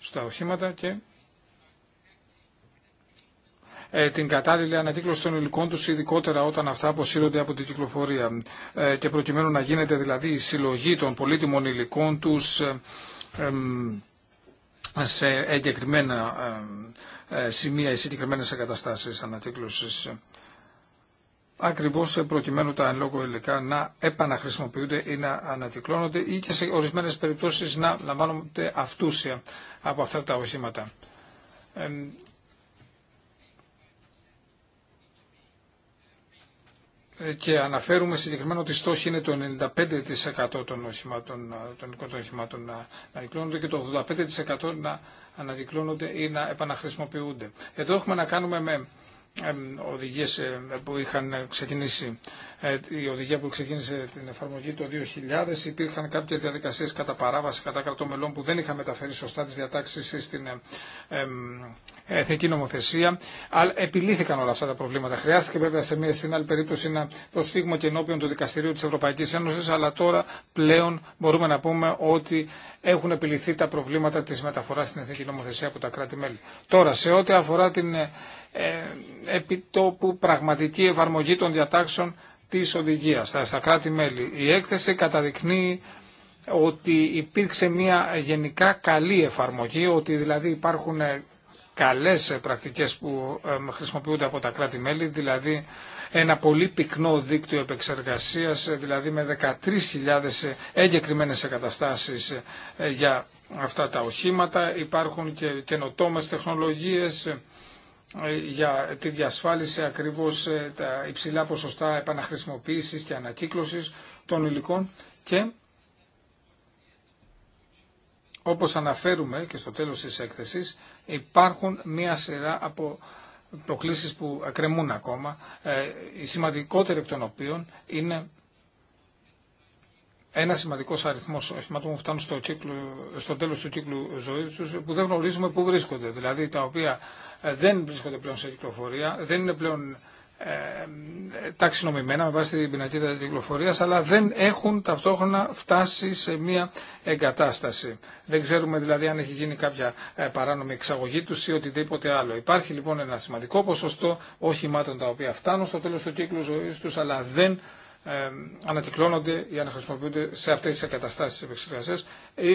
στα οχήματα και ε, την κατάλληλη ανακύκλωση των υλικών του ειδικότερα όταν αυτά αποσύρονται από την κυκλοφορία. Ε, και προκειμένου να γίνεται δηλαδή η συλλογή των πολύτιμων υλικών τους ε, σε εγκεκριμένα σημεία ή συγκεκριμένε εγκαταστάσει ανακύκλωση. Ακριβώ προκειμένου τα εν λόγω υλικά να επαναχρησιμοποιούνται ή να ανακυκλώνονται ή και σε ορισμένε περιπτώσει να λαμβάνονται αυτούσια από αυτά τα οχήματα. Ε, και αναφέρουμε συγκεκριμένα ότι στόχη είναι το 95% των οχημάτων, ε, των οικοτών οχημάτων να ανακυκλώνονται και το 85% να ανακυκλώνονται ή να επαναχρησιμοποιούνται. Εδώ έχουμε να κάνουμε με οδηγίες ε, που είχαν ε, ξεκινήσει, ε, η οδηγία που ξεκίνησε την εφαρμογή το 2000, υπήρχαν κάποιες διαδικασίες κατά παράβαση, κατά κρατομελών που δεν είχαν μεταφέρει σωστά τις διατάξεις στην εθνική νομοθεσία. Αλλά επιλύθηκαν όλα αυτά τα προβλήματα. Χρειάστηκε βέβαια σε μια στην άλλη περίπτωση να το σφίγμα και ενώπιον του Δικαστηρίου της Ευρωπαϊκής Ένωσης, αλλά τώρα πλέον μπορούμε να πούμε ότι έχουν επιληθεί τα προβλήματα της μεταφοράς στην εθνική νομοθεσία από τα κράτη-μέλη. Τώρα, σε ό,τι αφορά την ε, ...επί τόπου πραγματική εφαρμογή των διατάξεων της οδηγίας στα κράτη-μέλη. Η έκθεση καταδεικνύει ότι υπήρξε μια γενικά καλή εφαρμογή, ότι δηλαδή υπάρχουν καλές πρακτικές που ε, χρησιμοποιούνται από τα κράτη-μέλη, δηλαδή ένα πολύ πυκνό δίκτυο επεξεργασίας, δηλαδή με 13.000 εγκεκριμένες εγκαταστάσεις ε, για αυτά τα οχήματα. Υπάρχουν και καινοτόμες τεχνολογίες, ε, για τη διασφάλιση ακριβώς ε, τα υψηλά ποσοστά επαναχρησιμοποίησης και ανακύκλωσης των υλικών και όπως αναφέρουμε και στο τέλος της έκθεσης υπάρχουν μία σειρά από προκλήσεις που κρεμούν ακόμα, ε, η σημαντικότερη εκ των οποίων είναι ένα σημαντικό αριθμό οχημάτων που φτάνουν στο, κύκλο, στο τέλο του κύκλου ζωή του που δεν γνωρίζουμε πού βρίσκονται. Δηλαδή τα οποία ε, δεν βρίσκονται πλέον σε κυκλοφορία, δεν είναι πλέον ε, ταξινομημένα με βάση την πινακίδα τη κυκλοφορία, αλλά δεν έχουν ταυτόχρονα φτάσει σε μία εγκατάσταση. Δεν ξέρουμε δηλαδή αν έχει γίνει κάποια ε, παράνομη εξαγωγή του ή οτιδήποτε άλλο. Υπάρχει λοιπόν ένα σημαντικό ποσοστό οχημάτων τα οποία φτάνουν στο τέλο του κύκλου ζωή του, αλλά δεν ανακυκλώνονται ή αναχρησιμοποιούνται σε αυτές τις εγκαταστάσεις επεξεργασίας ή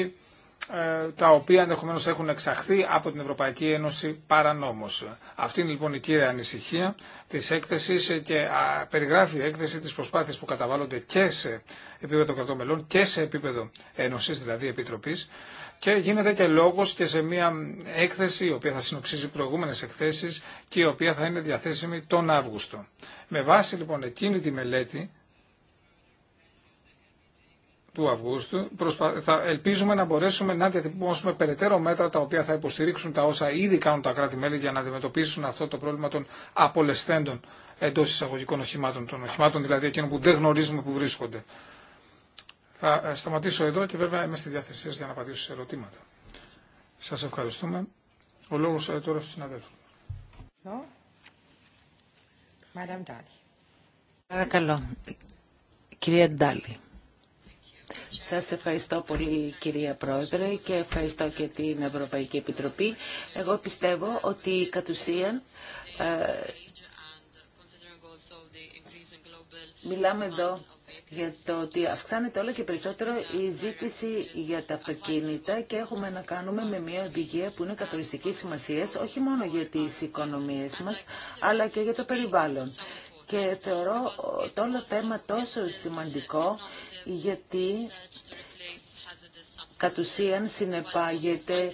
ε, τα οποία ενδεχομένω έχουν εξαχθεί από την Ευρωπαϊκή Ένωση παρανόμω. Αυτή είναι λοιπόν η κύρια ανησυχία τη έκθεση και περιγράφει η τα οποια ενδεχομενω εχουν εξαχθει απο την ευρωπαικη ενωση παρανομω αυτη ειναι λοιπον η κυρια ανησυχια της εκθεσης και περιγραφει η εκθεση της προσπαθειας που καταβάλλονται και σε επίπεδο κρατών μελών και σε επίπεδο Ένωσης, δηλαδή Επιτροπής Και γίνεται και λόγος και σε μια έκθεση η οποία θα συνοψίζει προηγούμενες εκθέσεις και η οποία θα είναι διαθέσιμη τον Αύγουστο. Με βάση λοιπόν εκείνη τη μελέτη του Αυγούστου θα ελπίζουμε να μπορέσουμε να διατυπώσουμε περαιτέρω μέτρα τα οποία θα υποστηρίξουν τα όσα ήδη κάνουν τα κράτη-μέλη για να αντιμετωπίσουν αυτό το πρόβλημα των απολεσθέντων εντό εισαγωγικών οχημάτων, των οχημάτων δηλαδή εκείνων που δεν γνωρίζουμε που βρίσκονται. Θα ε, σταματήσω εδώ και βέβαια είμαι στη διάθεσή για να απαντήσω σε ερωτήματα. Σα ευχαριστούμε. Ο λόγο ε, τώρα στου συναδέλφου. Παρακαλώ. Κυρία Ντάλη. Σας ευχαριστώ πολύ κυρία Πρόεδρε και ευχαριστώ και την Ευρωπαϊκή Επιτροπή. Εγώ πιστεύω ότι κατ' ουσίαν ε, μιλάμε εδώ για το ότι αυξάνεται όλο και περισσότερο η ζήτηση για τα αυτοκίνητα και έχουμε να κάνουμε με μια οδηγία που είναι καθοριστική σημασία όχι μόνο για τις οικονομίες μας αλλά και για το περιβάλλον. Και θεωρώ το όλο θέμα τόσο σημαντικό γιατί κατ' ουσίαν συνεπάγεται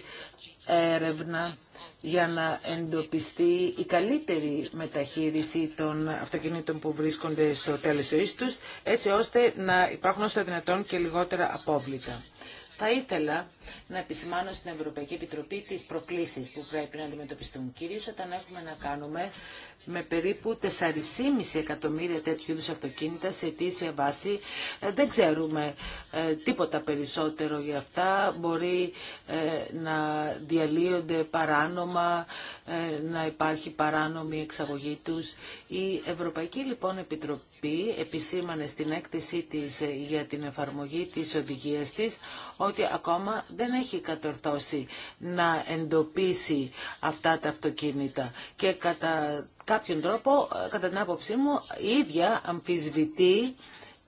έρευνα για να εντοπιστεί η καλύτερη μεταχείριση των αυτοκινήτων που βρίσκονται στο τέλος ζωής τους, έτσι ώστε να υπάρχουν όσο δυνατόν και λιγότερα απόβλητα. Θα ήθελα να επισημάνω στην Ευρωπαϊκή Επιτροπή τις προκλήσεις που πρέπει να αντιμετωπιστούν, κυρίως όταν έχουμε να κάνουμε με περίπου 4,5 εκατομμύρια τέτοιου είδους αυτοκίνητα σε αιτήσια βάση. Ε, δεν ξέρουμε ε, τίποτα περισσότερο για αυτά. Μπορεί ε, να διαλύονται παράνομα, να υπάρχει παράνομη εξαγωγή τους. Η Ευρωπαϊκή λοιπόν Επιτροπή επισήμανε στην έκθεσή της για την εφαρμογή της οδηγίας της ότι ακόμα δεν έχει κατορθώσει να εντοπίσει αυτά τα αυτοκίνητα και κατά κάποιον τρόπο, ε, κατά την άποψή μου, η ίδια αμφισβητεί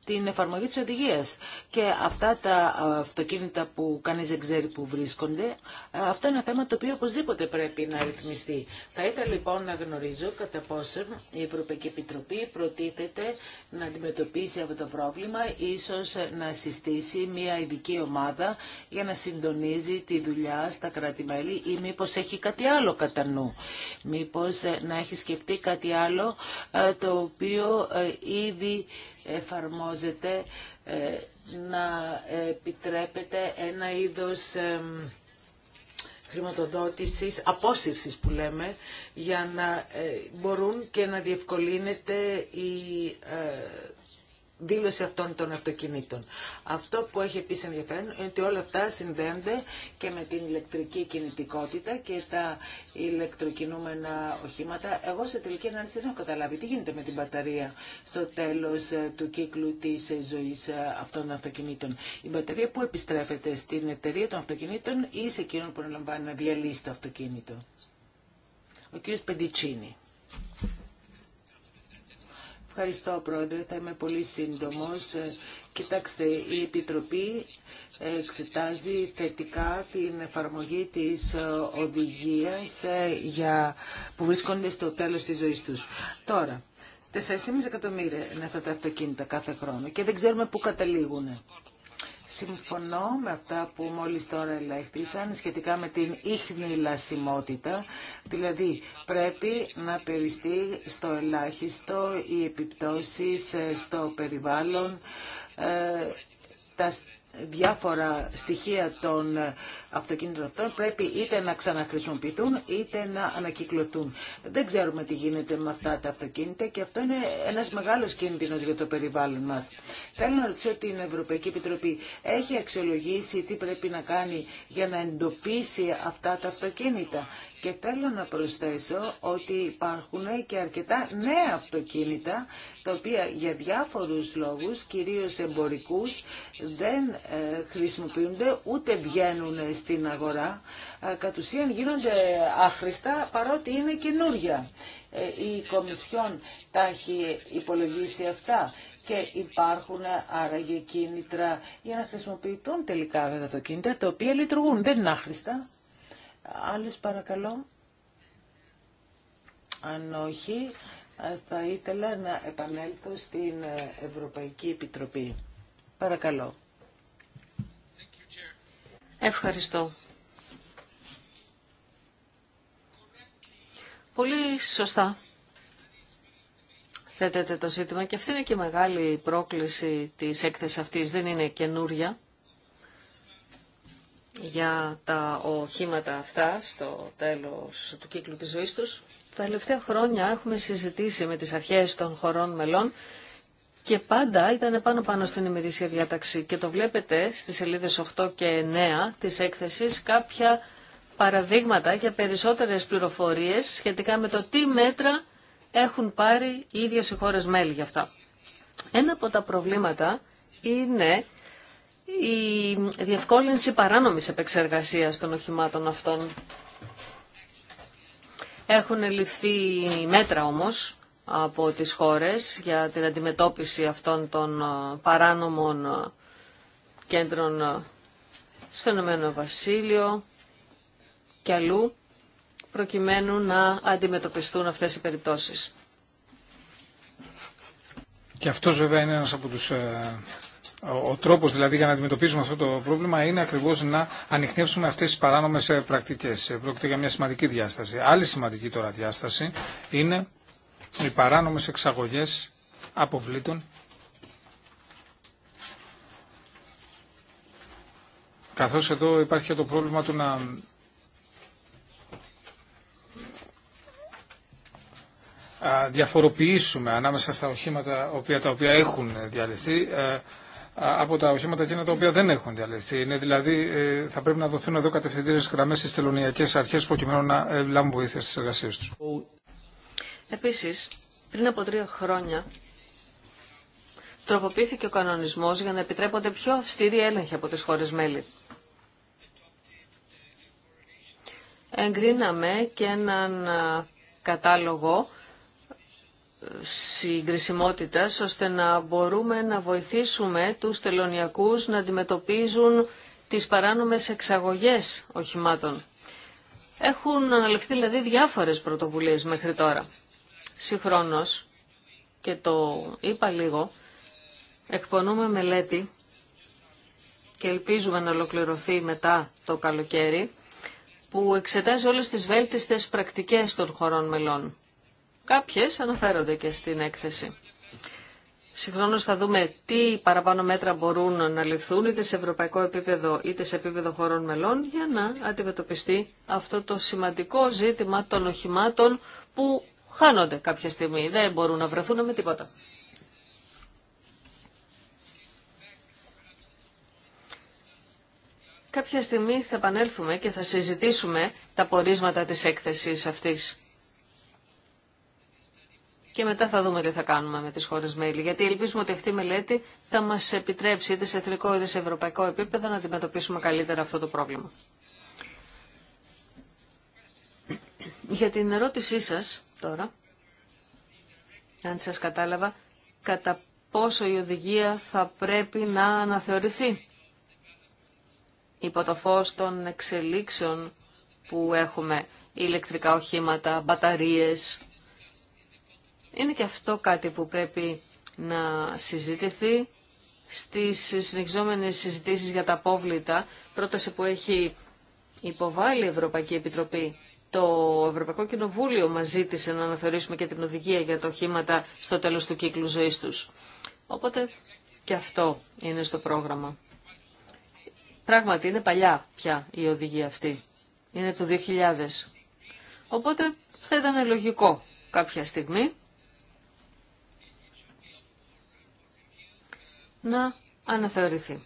την εφαρμογή της οδηγίας. Και αυτά τα ε, αυτοκίνητα που κανείς δεν ξέρει που βρίσκονται, ε, αυτό είναι ένα θέμα το οποίο οπωσδήποτε πρέπει να ρυθμιστεί. Θα ήθελα λοιπόν να γνωρίζω κατά πόσο η Ευρωπαϊκή Επιτροπή προτίθεται να αντιμετωπίσει αυτό το πρόβλημα, ίσως να συστήσει μια ειδική ομάδα για να συντονίζει τη δουλειά στα κράτη-μέλη ή μήπως έχει κάτι άλλο κατά νου. Μήπως ε, να έχει σκεφτεί κάτι άλλο το οποίο ήδη εφαρμόζεται ε, να επιτρέπεται ένα είδος χρηματοδότησης, απόσυρσης που λέμε, για να ε, μπορούν και να διευκολύνεται η ε, δήλωση αυτών των αυτοκινήτων. Αυτό που έχει επίσης ενδιαφέρον είναι ότι όλα αυτά συνδέονται και με την ηλεκτρική κινητικότητα και τα ηλεκτροκινούμενα οχήματα. Εγώ σε τελική ανάλυση δεν έχω καταλάβει τι γίνεται με την μπαταρία στο τέλος ε, του κύκλου της ε, ζωής ε, αυτών των αυτοκινήτων. Η μπαταρία που επιστρέφεται στην εταιρεία των αυτοκινήτων ή σε εκείνον που αναλαμβάνει να διαλύσει το αυτοκίνητο. Ο κ. Πεντιτσίνη. Ευχαριστώ, Πρόεδρε. Θα είμαι πολύ σύντομος. Ε, κοιτάξτε, η Επιτροπή εξετάζει θετικά την εφαρμογή της ε, οδηγίας ε, για... που βρίσκονται στο τέλος της ζωής τους. Τώρα, 4,5 εκατομμύρια είναι αυτά τα αυτοκίνητα κάθε χρόνο και δεν ξέρουμε πού καταλήγουν. Συμφωνώ με αυτά που μόλις τώρα ελέγχθησαν σχετικά με την ίχνη λασιμότητα, δηλαδή πρέπει να περιστεί στο ελάχιστο οι επιπτώσεις ε, στο περιβάλλον, ε, τα διάφορα στοιχεία των αυτοκίνητων αυτών πρέπει είτε να ξαναχρησιμοποιηθούν είτε να ανακυκλωθούν. Δεν ξέρουμε τι γίνεται με αυτά τα αυτοκίνητα και αυτό είναι ένας μεγάλος κίνδυνος για το περιβάλλον μας. Θέλω να ρωτήσω την Ευρωπαϊκή Επιτροπή. Έχει αξιολογήσει τι πρέπει να κάνει για να εντοπίσει αυτά τα αυτοκίνητα. Και θέλω να προσθέσω ότι υπάρχουν και αρκετά νέα αυτοκίνητα τα οποία για διάφορους λόγους, κυρίως εμπορικούς, δεν ε, χρησιμοποιούνται ούτε βγαίνουν στην αγορά. Ε, κατ' ουσίαν γίνονται άχρηστα παρότι είναι καινούρια. Ε, η Κομισιόν τα έχει υπολογίσει αυτά και υπάρχουν άραγε κίνητρα για να χρησιμοποιηθούν τελικά τα αυτοκίνητα τα οποία λειτουργούν. Δεν είναι άχρηστα. άλλες παρακαλώ. Αν όχι, θα ήθελα να επανέλθω στην Ευρωπαϊκή Επιτροπή. Παρακαλώ. Ευχαριστώ. Πολύ σωστά θέτεται το ζήτημα και αυτή είναι και η μεγάλη πρόκληση της έκθεσης αυτής, δεν είναι καινούρια για τα οχήματα αυτά στο τέλος του κύκλου της ζωής τους. Τα τελευταία χρόνια έχουμε συζητήσει με τις αρχές των χωρών μελών και πάντα ήταν πάνω πάνω στην ημερήσια διάταξη. Και το βλέπετε στις σελίδες 8 και 9 της έκθεσης κάποια παραδείγματα για περισσότερες πληροφορίες σχετικά με το τι μέτρα έχουν πάρει οι ίδιες οι χώρες μέλη για αυτά. Ένα από τα προβλήματα είναι η διευκόλυνση παράνομης επεξεργασίας των οχημάτων αυτών. Έχουν ληφθεί μέτρα όμως από τις χώρες για την αντιμετώπιση αυτών των ε, παράνομων ε, κέντρων ε, στο Ηνωμένο Βασίλειο και αλλού προκειμένου να αντιμετωπιστούν αυτές οι περιπτώσεις. Και αυτός βέβαια είναι ένας από τους... Ο τρόπος δηλαδή για να αντιμετωπίσουμε αυτό το πρόβλημα είναι ακριβώς να ανοιχνεύσουμε αυτές τις παράνομες πρακτικές. Πρόκειται για μια σημαντική διάσταση. Άλλη σημαντική τώρα διάσταση είναι οι παράνομες εξαγωγές αποβλήτων καθώς εδώ υπάρχει το πρόβλημα του να διαφοροποιήσουμε ανάμεσα στα οχήματα τα οποία έχουν διαλυθεί ε, από τα οχήματα εκείνα τα οποία δεν έχουν διαλυθεί. Είναι δηλαδή, ε, θα πρέπει να δοθούν εδώ κατευθυντήρες γραμμές στις τελωνιακές αρχές προκειμένου να ε, λάβουν βοήθεια στις εργασίες τους. Επίσης, πριν από τρία χρόνια, τροποποιήθηκε ο κανονισμός για να επιτρέπονται πιο αυστηροί έλεγχοι από τις χώρες μέλη. Εγκρίναμε και έναν κατάλογο ε, συγκρισιμότητα, ώστε να μπορούμε να βοηθήσουμε τους τελωνιακούς να αντιμετωπίζουν τις παράνομες εξαγωγές οχημάτων. Έχουν αναλυφθεί δηλαδή διάφορες πρωτοβουλίες μέχρι τώρα. Συγχρόνως, και το είπα λίγο, εκπονούμε μελέτη και ελπίζουμε να ολοκληρωθεί μετά το καλοκαίρι, που εξετάζει όλες τις βέλτιστες πρακτικές των χωρών μελών. Κάποιες αναφέρονται και στην έκθεση. Συγχρόνως θα δούμε τι παραπάνω μέτρα μπορούν να ληφθούν είτε σε ευρωπαϊκό επίπεδο είτε σε επίπεδο χωρών μελών για να αντιμετωπιστεί αυτό το σημαντικό ζήτημα των οχημάτων που χάνονται κάποια στιγμή, δεν μπορούν να βρεθούν με τίποτα. Κάποια στιγμή θα επανέλθουμε και θα συζητήσουμε τα πορίσματα της έκθεσης αυτής. Και μετά θα δούμε τι θα κάνουμε με τις χώρες μέλη. Γιατί ελπίζουμε ότι αυτή η μελέτη θα μας επιτρέψει είτε σε εθνικό είτε σε ευρωπαϊκό επίπεδο να αντιμετωπίσουμε καλύτερα αυτό το πρόβλημα. Για την ερώτησή σας, τώρα, αν σας κατάλαβα, κατά πόσο η οδηγία θα πρέπει να αναθεωρηθεί υπό το φως των εξελίξεων που έχουμε ηλεκτρικά οχήματα, μπαταρίες. Είναι και αυτό κάτι που πρέπει να συζητηθεί στις συνεχιζόμενες συζητήσεις για τα απόβλητα, πρόταση που έχει υποβάλει η Ευρωπαϊκή Επιτροπή το Ευρωπαϊκό Κοινοβούλιο μας ζήτησε να αναθεωρήσουμε και την οδηγία για τα οχήματα στο τέλος του κύκλου ζωής τους. Οπότε και αυτό είναι στο πρόγραμμα. Πράγματι είναι παλιά πια η οδηγία αυτή. Είναι το 2000. Οπότε θα ήταν λογικό κάποια στιγμή να αναθεωρηθεί.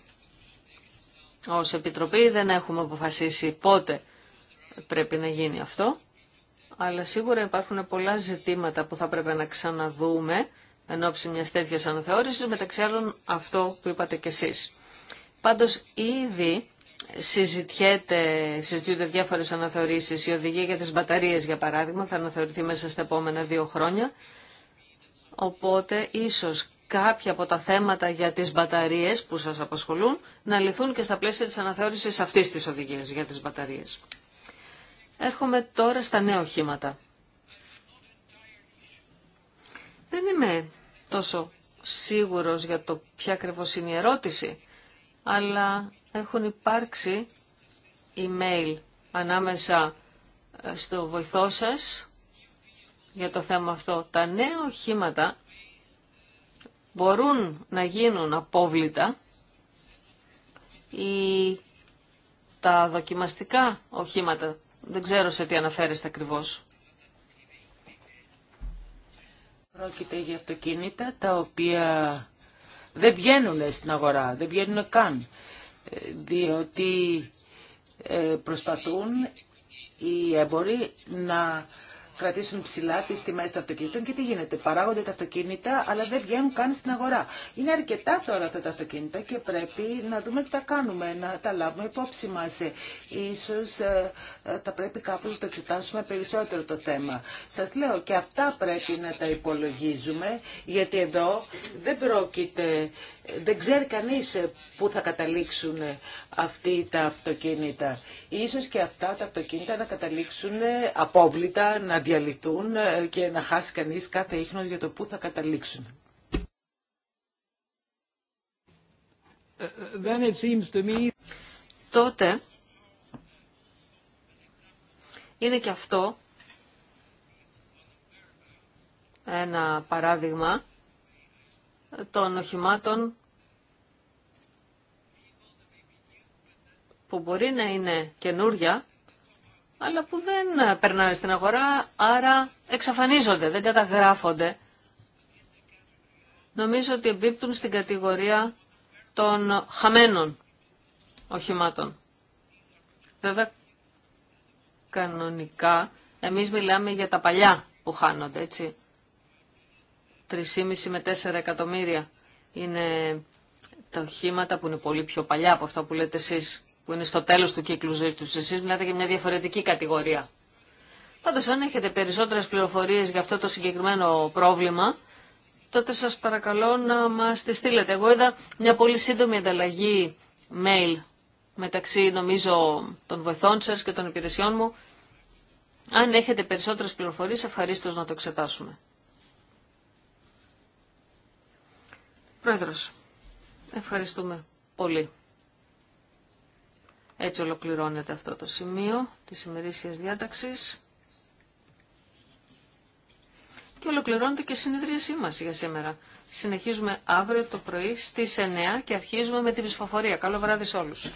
Ως Επιτροπή δεν έχουμε αποφασίσει πότε πρέπει να γίνει αυτό, αλλά σίγουρα υπάρχουν πολλά ζητήματα που θα πρέπει να ξαναδούμε εν ώψη μια τέτοια αναθεώρησης, μεταξύ άλλων αυτό που είπατε κι εσείς. Πάντως ήδη συζητιούνται διάφορε αναθεωρήσεις. Η οδηγία για τι μπαταρίε, για παράδειγμα, θα αναθεωρηθεί μέσα στα επόμενα δύο χρόνια. Οπότε, ίσω κάποια από τα θέματα για τις μπαταρίες που σας απασχολούν να λυθούν και στα πλαίσια της αναθεώρησης αυτής της οδηγίας για τις μπαταρίες. Έρχομαι τώρα στα νέα οχήματα. Δεν είμαι τόσο σίγουρος για το ποια ακριβώ είναι η ερώτηση, αλλά έχουν υπάρξει email ανάμεσα ε, στο βοηθό σας για το θέμα αυτό. Τα νέα οχήματα μπορούν να γίνουν απόβλητα ή τα δοκιμαστικά οχήματα δεν ξέρω σε τι αναφέρεστε ακριβώς. Πρόκειται για αυτοκίνητα τα οποία δεν βγαίνουν στην αγορά, δεν βγαίνουν καν, ε, διότι ε, προσπαθούν οι έμποροι να κρατήσουν ψηλά τις τιμές των αυτοκινήτων και τι γίνεται. Παράγονται τα αυτοκίνητα αλλά δεν βγαίνουν καν στην αγορά. Είναι αρκετά τώρα αυτά τα αυτοκίνητα και πρέπει να δούμε τι τα κάνουμε, να τα λάβουμε υπόψη μας. Ε, ίσως ε, ε, θα πρέπει κάπως να το εξετάσουμε περισσότερο το θέμα. Σας λέω και αυτά πρέπει να τα υπολογίζουμε γιατί εδώ δεν πρόκειται δεν ξέρει κανείς ε, πού θα καταλήξουν ε, αυτοί τα αυτοκίνητα. Ίσως και αυτά τα αυτοκίνητα να καταλήξουν ε, απόβλητα, να διαλυθούν και να χάσει κανείς κάθε ίχνος για το πού θα καταλήξουν. Τότε είναι και αυτό ένα παράδειγμα των οχημάτων που μπορεί να είναι καινούρια, αλλά που δεν περνάνε στην αγορά, άρα εξαφανίζονται, δεν καταγράφονται. Νομίζω ότι εμπίπτουν στην κατηγορία των χαμένων οχημάτων. Βέβαια, κανονικά, εμείς μιλάμε για τα παλιά που χάνονται, έτσι. 3,5 με 4 εκατομμύρια είναι τα οχήματα που είναι πολύ πιο παλιά από αυτά που λέτε εσείς, που είναι στο τέλος του κύκλου ζωής τους. Εσείς μιλάτε για μια διαφορετική κατηγορία. Πάντως αν έχετε περισσότερες πληροφορίες για αυτό το συγκεκριμένο πρόβλημα, τότε σας παρακαλώ να μας τη στείλετε. Εγώ είδα μια πολύ σύντομη ανταλλαγή mail μεταξύ νομίζω των βοηθών σας και των υπηρεσιών μου. Αν έχετε περισσότερες πληροφορίες, ευχαρίστως να το εξετάσουμε. Πρόεδρος, ευχαριστούμε πολύ. Έτσι ολοκληρώνεται αυτό το σημείο της ημερήσιας διάταξης. Και ολοκληρώνεται και η συνεδρίασή μας για σήμερα. Συνεχίζουμε αύριο το πρωί στις 9 και αρχίζουμε με την ψηφοφορία. Καλό βράδυ σε όλους.